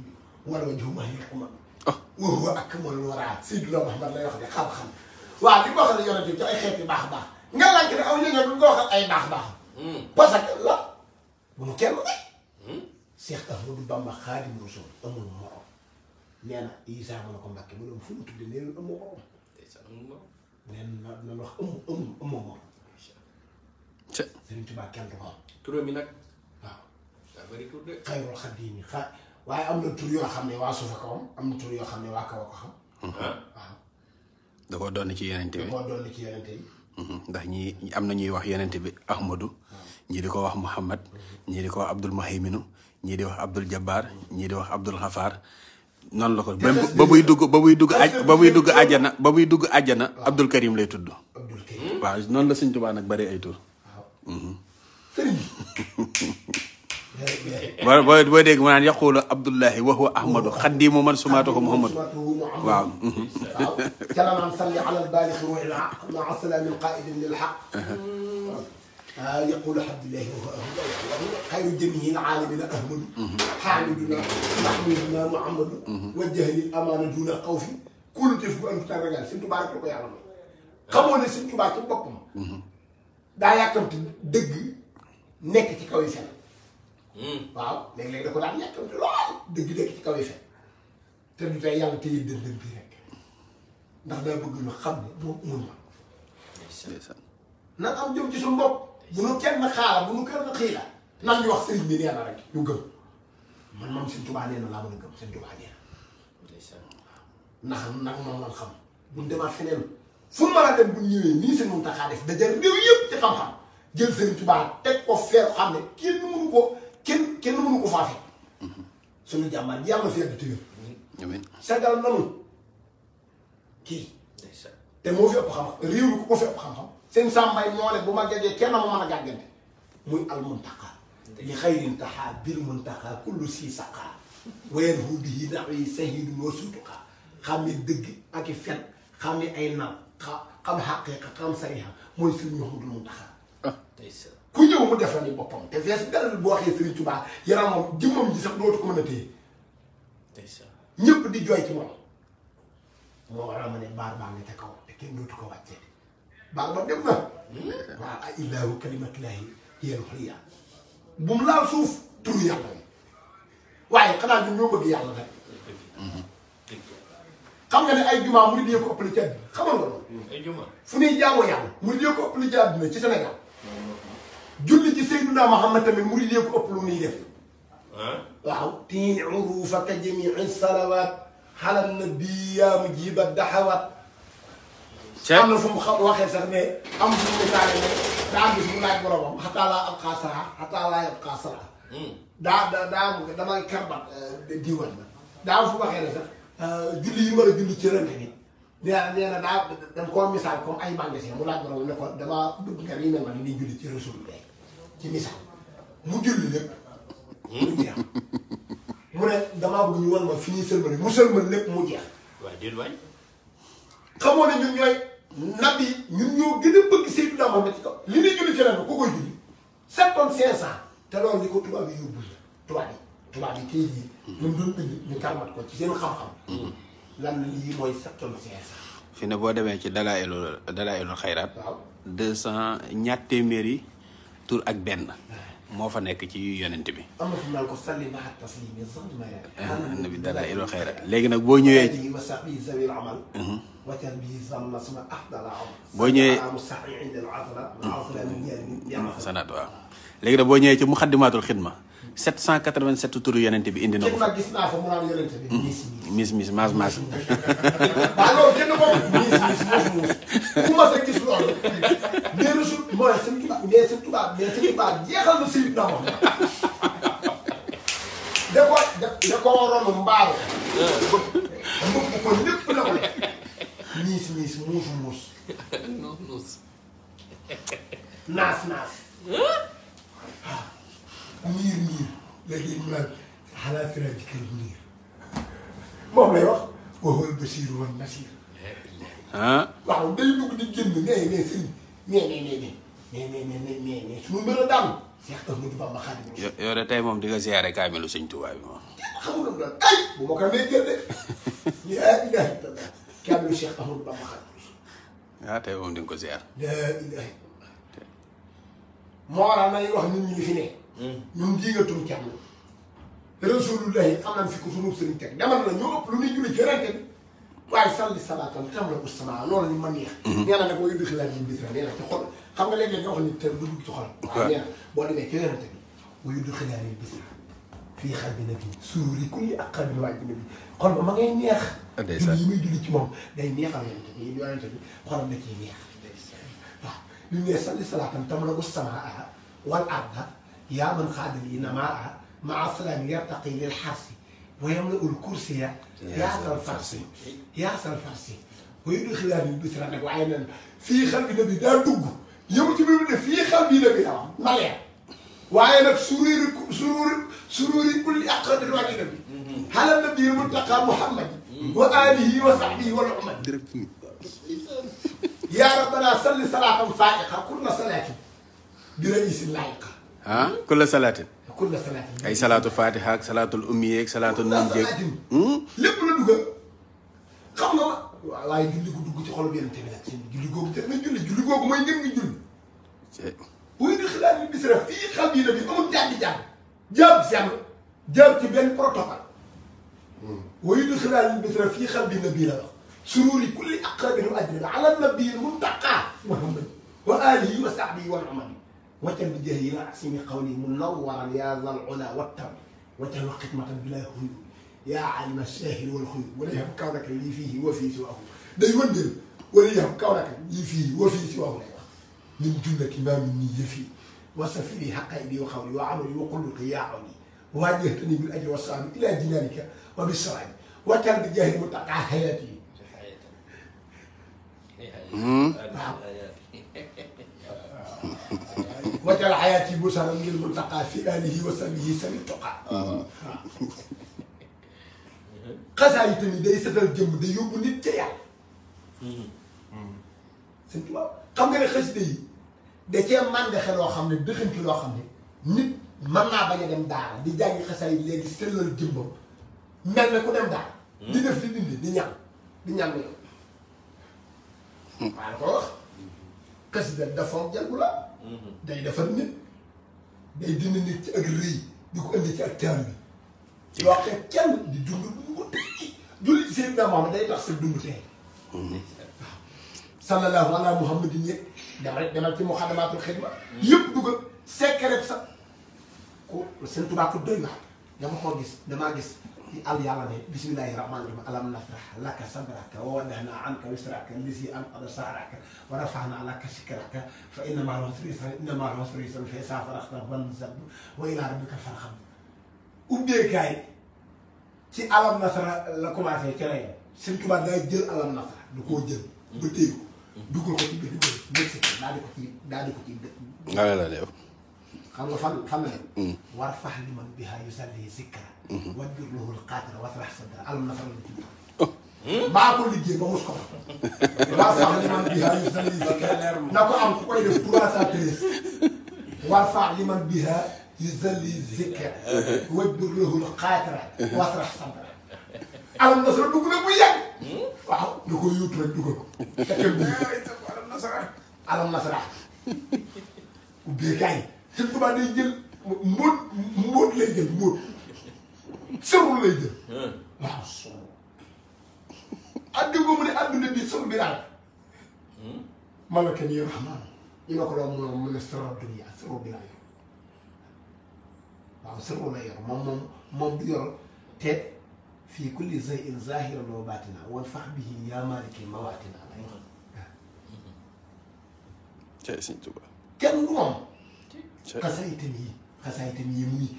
wala wajhu mahliquma oh. wa huwa akmalul wara sayyiduna lay wax de xam-xam waaw li ko waxal yonente bi ci ay xeet baax a baax nga lànk ne aw ñooñu duñ ko waxal ay baax baax hmm. parce que la bu mu kenn de hmm. Cheikh Ahmadou Bamba Xaadimu Rasuul amul morom nee na waaye am na tur yoo xam ne waa suufa kawam am na tur yoo xam ne waa kaw ko xam. Ah. waaw. da doon ci yeneen bi ci yeneen bi. ndax ñii am na ñuy wax yeneen bi Ahmadou. ñii di ko wax Muhammad ñii di ko wax Abdul Muhayminu ñii di wax Abdul Jabbar ñii di wax Abdul Xafaar. non la ko ba buy dugg ba buy dugg aj ba buy dugg ajana ba buy dugg ajana Abdul Karim lay tudd. waaw la Sëñ Tuubaa nag ay tur. Mhm. boo boo boo dégg mu yaqulu Abdullahi wa huwa Ahmadu xaddimu man sumaatuhu Muhammadu waaw. waaw. آه، يقول عبد الله هاي يعني الجميل عالمنا أهمل حاملنا محمولنا معمل وجه للأمانة دون خوف كل تفكر أن تتابع قال سنتو بارك لك يا رب قمونا سنتو بارك بكم دا يا كم تدق نك تكويسة واو لك لك دخل عليا كم تلوال دق دق تكويسة تبدو يا يالا تيجي دن دن بيك دا دا بقول خم بقول ما نعم جم جسم بكم bu nu kenn xaala bu nu kenn xiila nan ñu wax sëriñ bi nee na rek ñu gëm man moom sëñ Tuubaa nee na laa mën a gëm sëñ Tuubaa nee na ndax nag moom lan xam buñ demaat feneen fu mën a dem buñ ñëwee nii sëñ Muntaxaa def dajal réew yëpp ci xam-xam jël sëriñ Tuubaa teg ko feer xam ne kenn mënu ko kenn kenn mënu ko faafe suñu jàmbaar ji yàlla fi yàgg téwér sagal nanu kii te moo fi ëpp xam-xam réew mi ko ko fi ëpp xam-xam seen sàmbay moo bu ma jagee kenn ma mën a gàggante muy almuntaqa li xayrin taxaa bil muntaqa kullu si saqaa wayen huudi yi ndax yi sahidu noo suutuka xam dëgg ak i fen xam ne ay naam xam xaqiqa xam sariha mooy sëriñ Mouhamadou Mountakha ah. ku ñëw mu def ni boppam te fees dal bu waxee sëriñ Tuubaa yaramam jëmmam ji sax dootu ko mën a téye ñëpp di jooy ci moom moo waral ma ne baar baa ngi te kaw te kenn dootu ko wàccee baal ba dem na waaw a illahu kalimatullahi yéen xoliya bu mu laal suuf turu yàlla bi waaye xanaa ñun ñoo bëgg yàlla rek xam nga ne ay jumaa murid yee ko ëppale ci àddina xamal nga loolu ay jumaa fu ñuy jaamoo yàlla murid yee ko ëppale ci àddina ci Sénégal julli ci Seydina Muhammad tamit murid yee ko ëpp lu muy def waaw tiin uruufaka jamii salawaat xalal na bi yaa mujiba daxawaat am na fu mu xam waxee sax ne am fu mu misaale ne daa gis mu laaj boromam xataa laa ab xaasara xataa laa ab xaasara daa daa daa am damay karbat diiwan la daa am fu waxee ne sax julli yi war a julli ci rënd bi nee nee na daa dañ koo misaal comme ay magasin mu laaj boromam ne ko damaa dugg nga yi mel ma di julli ci rasul bi ci misaal mu julli lépp mu jeex mu ne damaa bëgg ñu wan ma fi ñuy sëlmali mu sëlmal lépp mu jeex waaw déet waay xamoo ne ñun ñooy nabi ñun ñoo gën a bëgg Seydina Muhammad ci kaw li ñuy julli ci ren ku koy julli sept tonnes cinq cent te loolu li ko tubaab yi yóbbul la tubaab yi tubaab yi tey ko ci seen xam-xam lan lii mooy sept tonnes cinq cent fi ne boo demee ci dalaa elul dalaa elul xayraat deux cent ñaar téeméeri tur ak benn ah. moo fa nekk ci yonent bi. am na ko salli maxa taslimi bi dala ilo xayra léegi nag boo ñëwee. Mhm. boo ñëwee. Mm-hmm. sanat waaw léegi nag boo ñëwee ci muxaddimatul xidma 787 turu yonent bi indi na ko fa. gis naa muus muus. naas naas. Ah. مير مير لكن ما حلاف راج كبير ما هو يوخ وهو البشير والنصير ها واحد دي دوك دي جيم ني ني سين ني ني ني ني ني ني ني ني ني ني شنو مرا دام شيخ تو مدي بام خادم يو ري تاي موم ديغا زياره كاملو سيغ توباي مو خمو دا تاي مو ما كان ميتير دي يا الله كاملو شيخ تو مدي بام خادم يا تاي موم دينكو زيار لا اله مورا ما يروح نيني في نيه ñun jéegatuñ ci xam na rasulullahi am nañ fi ko sunub sëriñ teg demal na ñoo ëpp lu ñuy julli ci rente bi waaye salli salaatan tam la ustama loolu ni ma neex nee na nag wooyu dëkk laa ñuy bisra nee na ci xol xam nga léeg-léeg nga wax ni tër du dugg ci xol waaw nee na boo demee ci rente bi wooyu dëkk laa ñuy bisra fii xal bi nabi suuri ku li ak xal bi waaj bi nabi xol ba ma ngay neex yi muy julli ci moom day neexal yonente bi yonente bi xolam da ciy neex waaw li ne salli salaatan tam la ustama wal arda يا من خادلين إن مع مع السلام يرتقي للحرس ويملأ الكرسي ياسر الفرسي ياسر الفرسي ويدخل البتران وعينا في خلق النبي دار يوم تبي من في خلق النبي مليا وعينا سرور سرور سرور كل أقرب النبي هل النبي المنتقى محمد وآله وصحبه والعمد يا ربنا صلي صلاة فائقة كل صلاة برئيس اللائقة ها كل صلاه كل صلاه اي صلاه الفاتحه صلاه الامي صلاه النبي هم كل اقرب من اجل على النبي المنتقى محمد واله وصحبه وعمره وتنبديه إلى عصيم قوله منورا يا ذا العلا والتر وتوقت تم بلا هيو يا عالم الساهل والخيو ولا يبقى كونك اللي فيه وفي سواه ده يوندر ولا يبقى كونك اللي فيه وفي سواه من جملة ما مني يفي وسفيري حقائبي وقولي وعمري وقلقي يا عوني واجهتني بالأجر والسلام إلى جنانك وبالسرعي وتم جاهل متقع حياتي حياتي وجعل حياتي بشرا للملتقى في اله وسلمه سن التقى قصاي تمي الجم دي يوب نيت تيا سن تو خم غني خش دي دي تي مان دا خلو خم ني دخنت لو خم ني نيت مان نا باجا دم دار دي جاغي خصاي ليغي سلل الجم مل كو دم دار دي دف دي دي نيا نعم. دي نيا مالكو كسد دا فوق ديال day defar nit day dindi nit ci ak rëy di ko indi ci ak teem bi. ci wax te kenn di dund bu ñu ko tey jullit seen maam day tax sa dund tey. sallallahu ala muhammadin yëpp dama rek demal ci muxadamatul xidma yëpp dugg sekk rek sa ku seen tubaab ku doy waar dama koo gis damaa gis. ci àll yàlla ne bismillahi rahmaani rahim alam nasrah laka sadraka wa wadahna anka wisraka lisi am qad saaraka wa rafahna laka sikraka fa inna maal usri yusran inna maal usri yusran fa izaa faragta fansab wa ilaa rabbika farghab ubbeekaay ci alam nasra la commencé ca lay Sëñ Tuubaa day jël alam nasra du koo jël ba téye ko duggal ko ci biir Mexique daal di ko ci daal di ko ci dëkk nga la def xam nga fan fan la mm. war fax li man bihaa yusalli zikra واجبر له القاتل واطرح صدره على النفر اللي مع كل جيب ومسكر لا لمن بها يذل نكو ام كوي ديف براسا تريس وارفع لمن بها يذل الذكر واجبر له القاتل واطرح صدره على النصر دوغنا بو واو دكو يوت رك على النصر على النصر وبيكاي سنتو با دي جيل مود مود لay jël mbuut sirru lay jël waaw ak déggoo mu ne adduna bi sirru bi daal malaka ni rahman ñu ne ko doon mu mu ne sirru dunia sirru bi laa yor waaw sirru la yor moom moom moom du yor te fii kulli zayin zahiran wa batina wal fax bihi yaa maliki mawatina lay wax cay sëñ Tuba kenn du moom xasaytam yi xasaytam yi mu ngi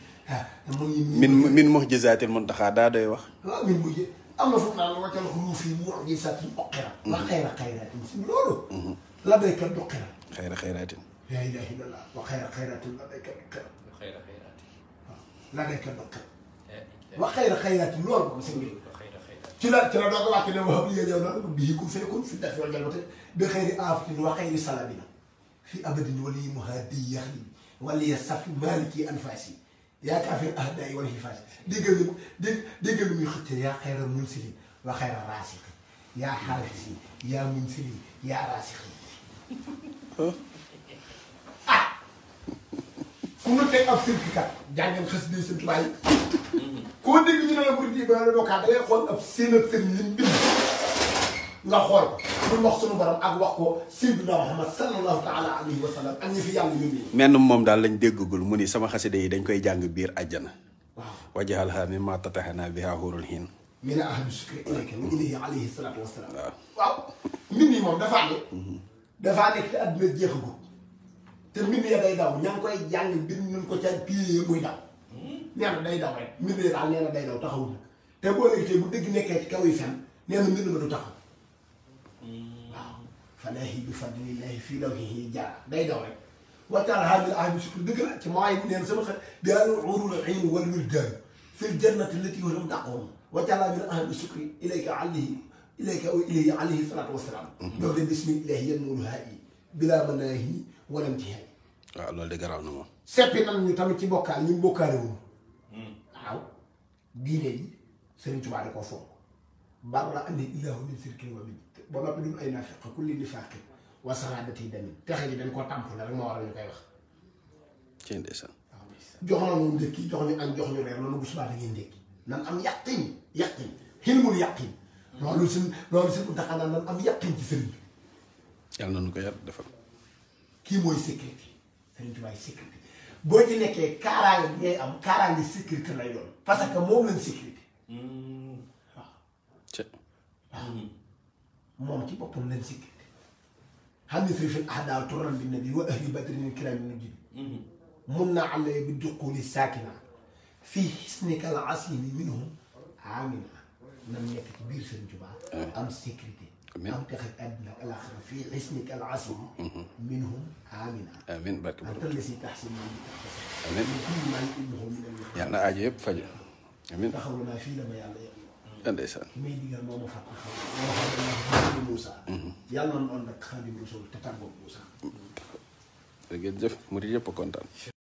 من من معجزات المنتخب هذا ده واخ من معجز أما فينا لو كان خروف معجزات أخرى ما خير خيرات مسلم لولو لا بيك الدقرة خير خيرات لا يا إلهي الله وخير خيرات لا بيك الدقرة خير خيرات لا بيك الدقرة وخير خيرات لولو مسلم تلا تلا بعض الله تلا وهبي يا جونا بيكون سيكون في الدفع والجلبة بخير آفة وخير سلامنا في أبد ولي مهدي يخلي ولي السفر مالكي أنفاسي يا كافر أهدى وجه فاسد دقل يا خير المنسلين وخير الراسخ يا حارسي يا منسلي يا راسخ كنا تي أفسر كا جانجل خسني سنتلاي كون دقل جنا برجي بنا بكاتلي خون أفسر أفسر نبي nga xool lu wax sunu borom ak wax ko Seydina Muhammad sallallahu taala alayhi wa sallam ak ñi fi yàlla yónnee. menn moom daal lañ déggagul mu ni sama xasida yi dañ koy jàng biir àjjana. waaw wajaxalha mi ma tataxana biha hurul hin. min ahli shukri ilayka wa ilayhi alayhi salaatu wa salaam. waaw waaw mbir mi moom dafaa ne. Mhm. dafaa nekk te adduna jeexagul. te mbir ya day daw ña ngi koy jàng mbir nañ ko ca pilier muy daw. Hmm? nee na day daw rek mbir mi daal nee na day daw taxawul te boo léegi tey bu dëgg nekkee ci kaw yi fen nee na mbir ma du taxaw. فلاه بفضل الله في لوحه جاء داي داوي وتعالى هذا الاهل شكر دغرا كي ما يدين سمخ بيانو عور العين والولدان في الجنه التي ولم تقوم وتعالى من اهل الشكر اليك عليه اليك او اليه عليه الصلاه والسلام دون بسم الله ينور هائي بلا مناهي ولا انتهاء آه، الله اللي قرا نمو سيبي نان ني تامي تي بوكال ني بوكال وو واو دينا دي سيرن توبا ديكو فوك بارلا اني اله من شرك ومن ba noppi dul ay nafiq kulli nifaaqi wa saradati damin texe ji dañ koo tàmpale rek moo waral ñu koy wax. ci ndeysaan. jox na ñu ndékki jox ñu añ jox ñu reer loolu bu subaa da ngeen ndékki nan am yàqin yàqin xilmul yàqin. loolu suñ loolu suñ daxa naan nan am yàqin ci sëriñ bi. yàlla na nu ko yar defal. kii mooy sécurité sëriñ bi waaye sécurité boo ci nekkee kaaraange bi ngay am kaaraange sécurité lay doon parce que moom lañ sécurité. waaw. waaw. موم كي بوبم ننسك حديث في الاحد على تران بالنبي واهل بدر من كلام النجيب منا علي بالدخول الساكنة في حسنك العسل منهم عامنا لم كبير سن جبا ام سيكريتي ام كخت ادنا والاخر في حسنك العسل منهم عامنا امين بارك الله فيك التي تحسن من امين من كل من منهم يعني عجيب فجأة امين تخلنا في لما يعني ndeysaan may digal moom fa xam Moussa yàlla noonu ànd ak Xaadimu Rasuul te tàggoog Moussa da ngeen jëf murid yëpp kontaan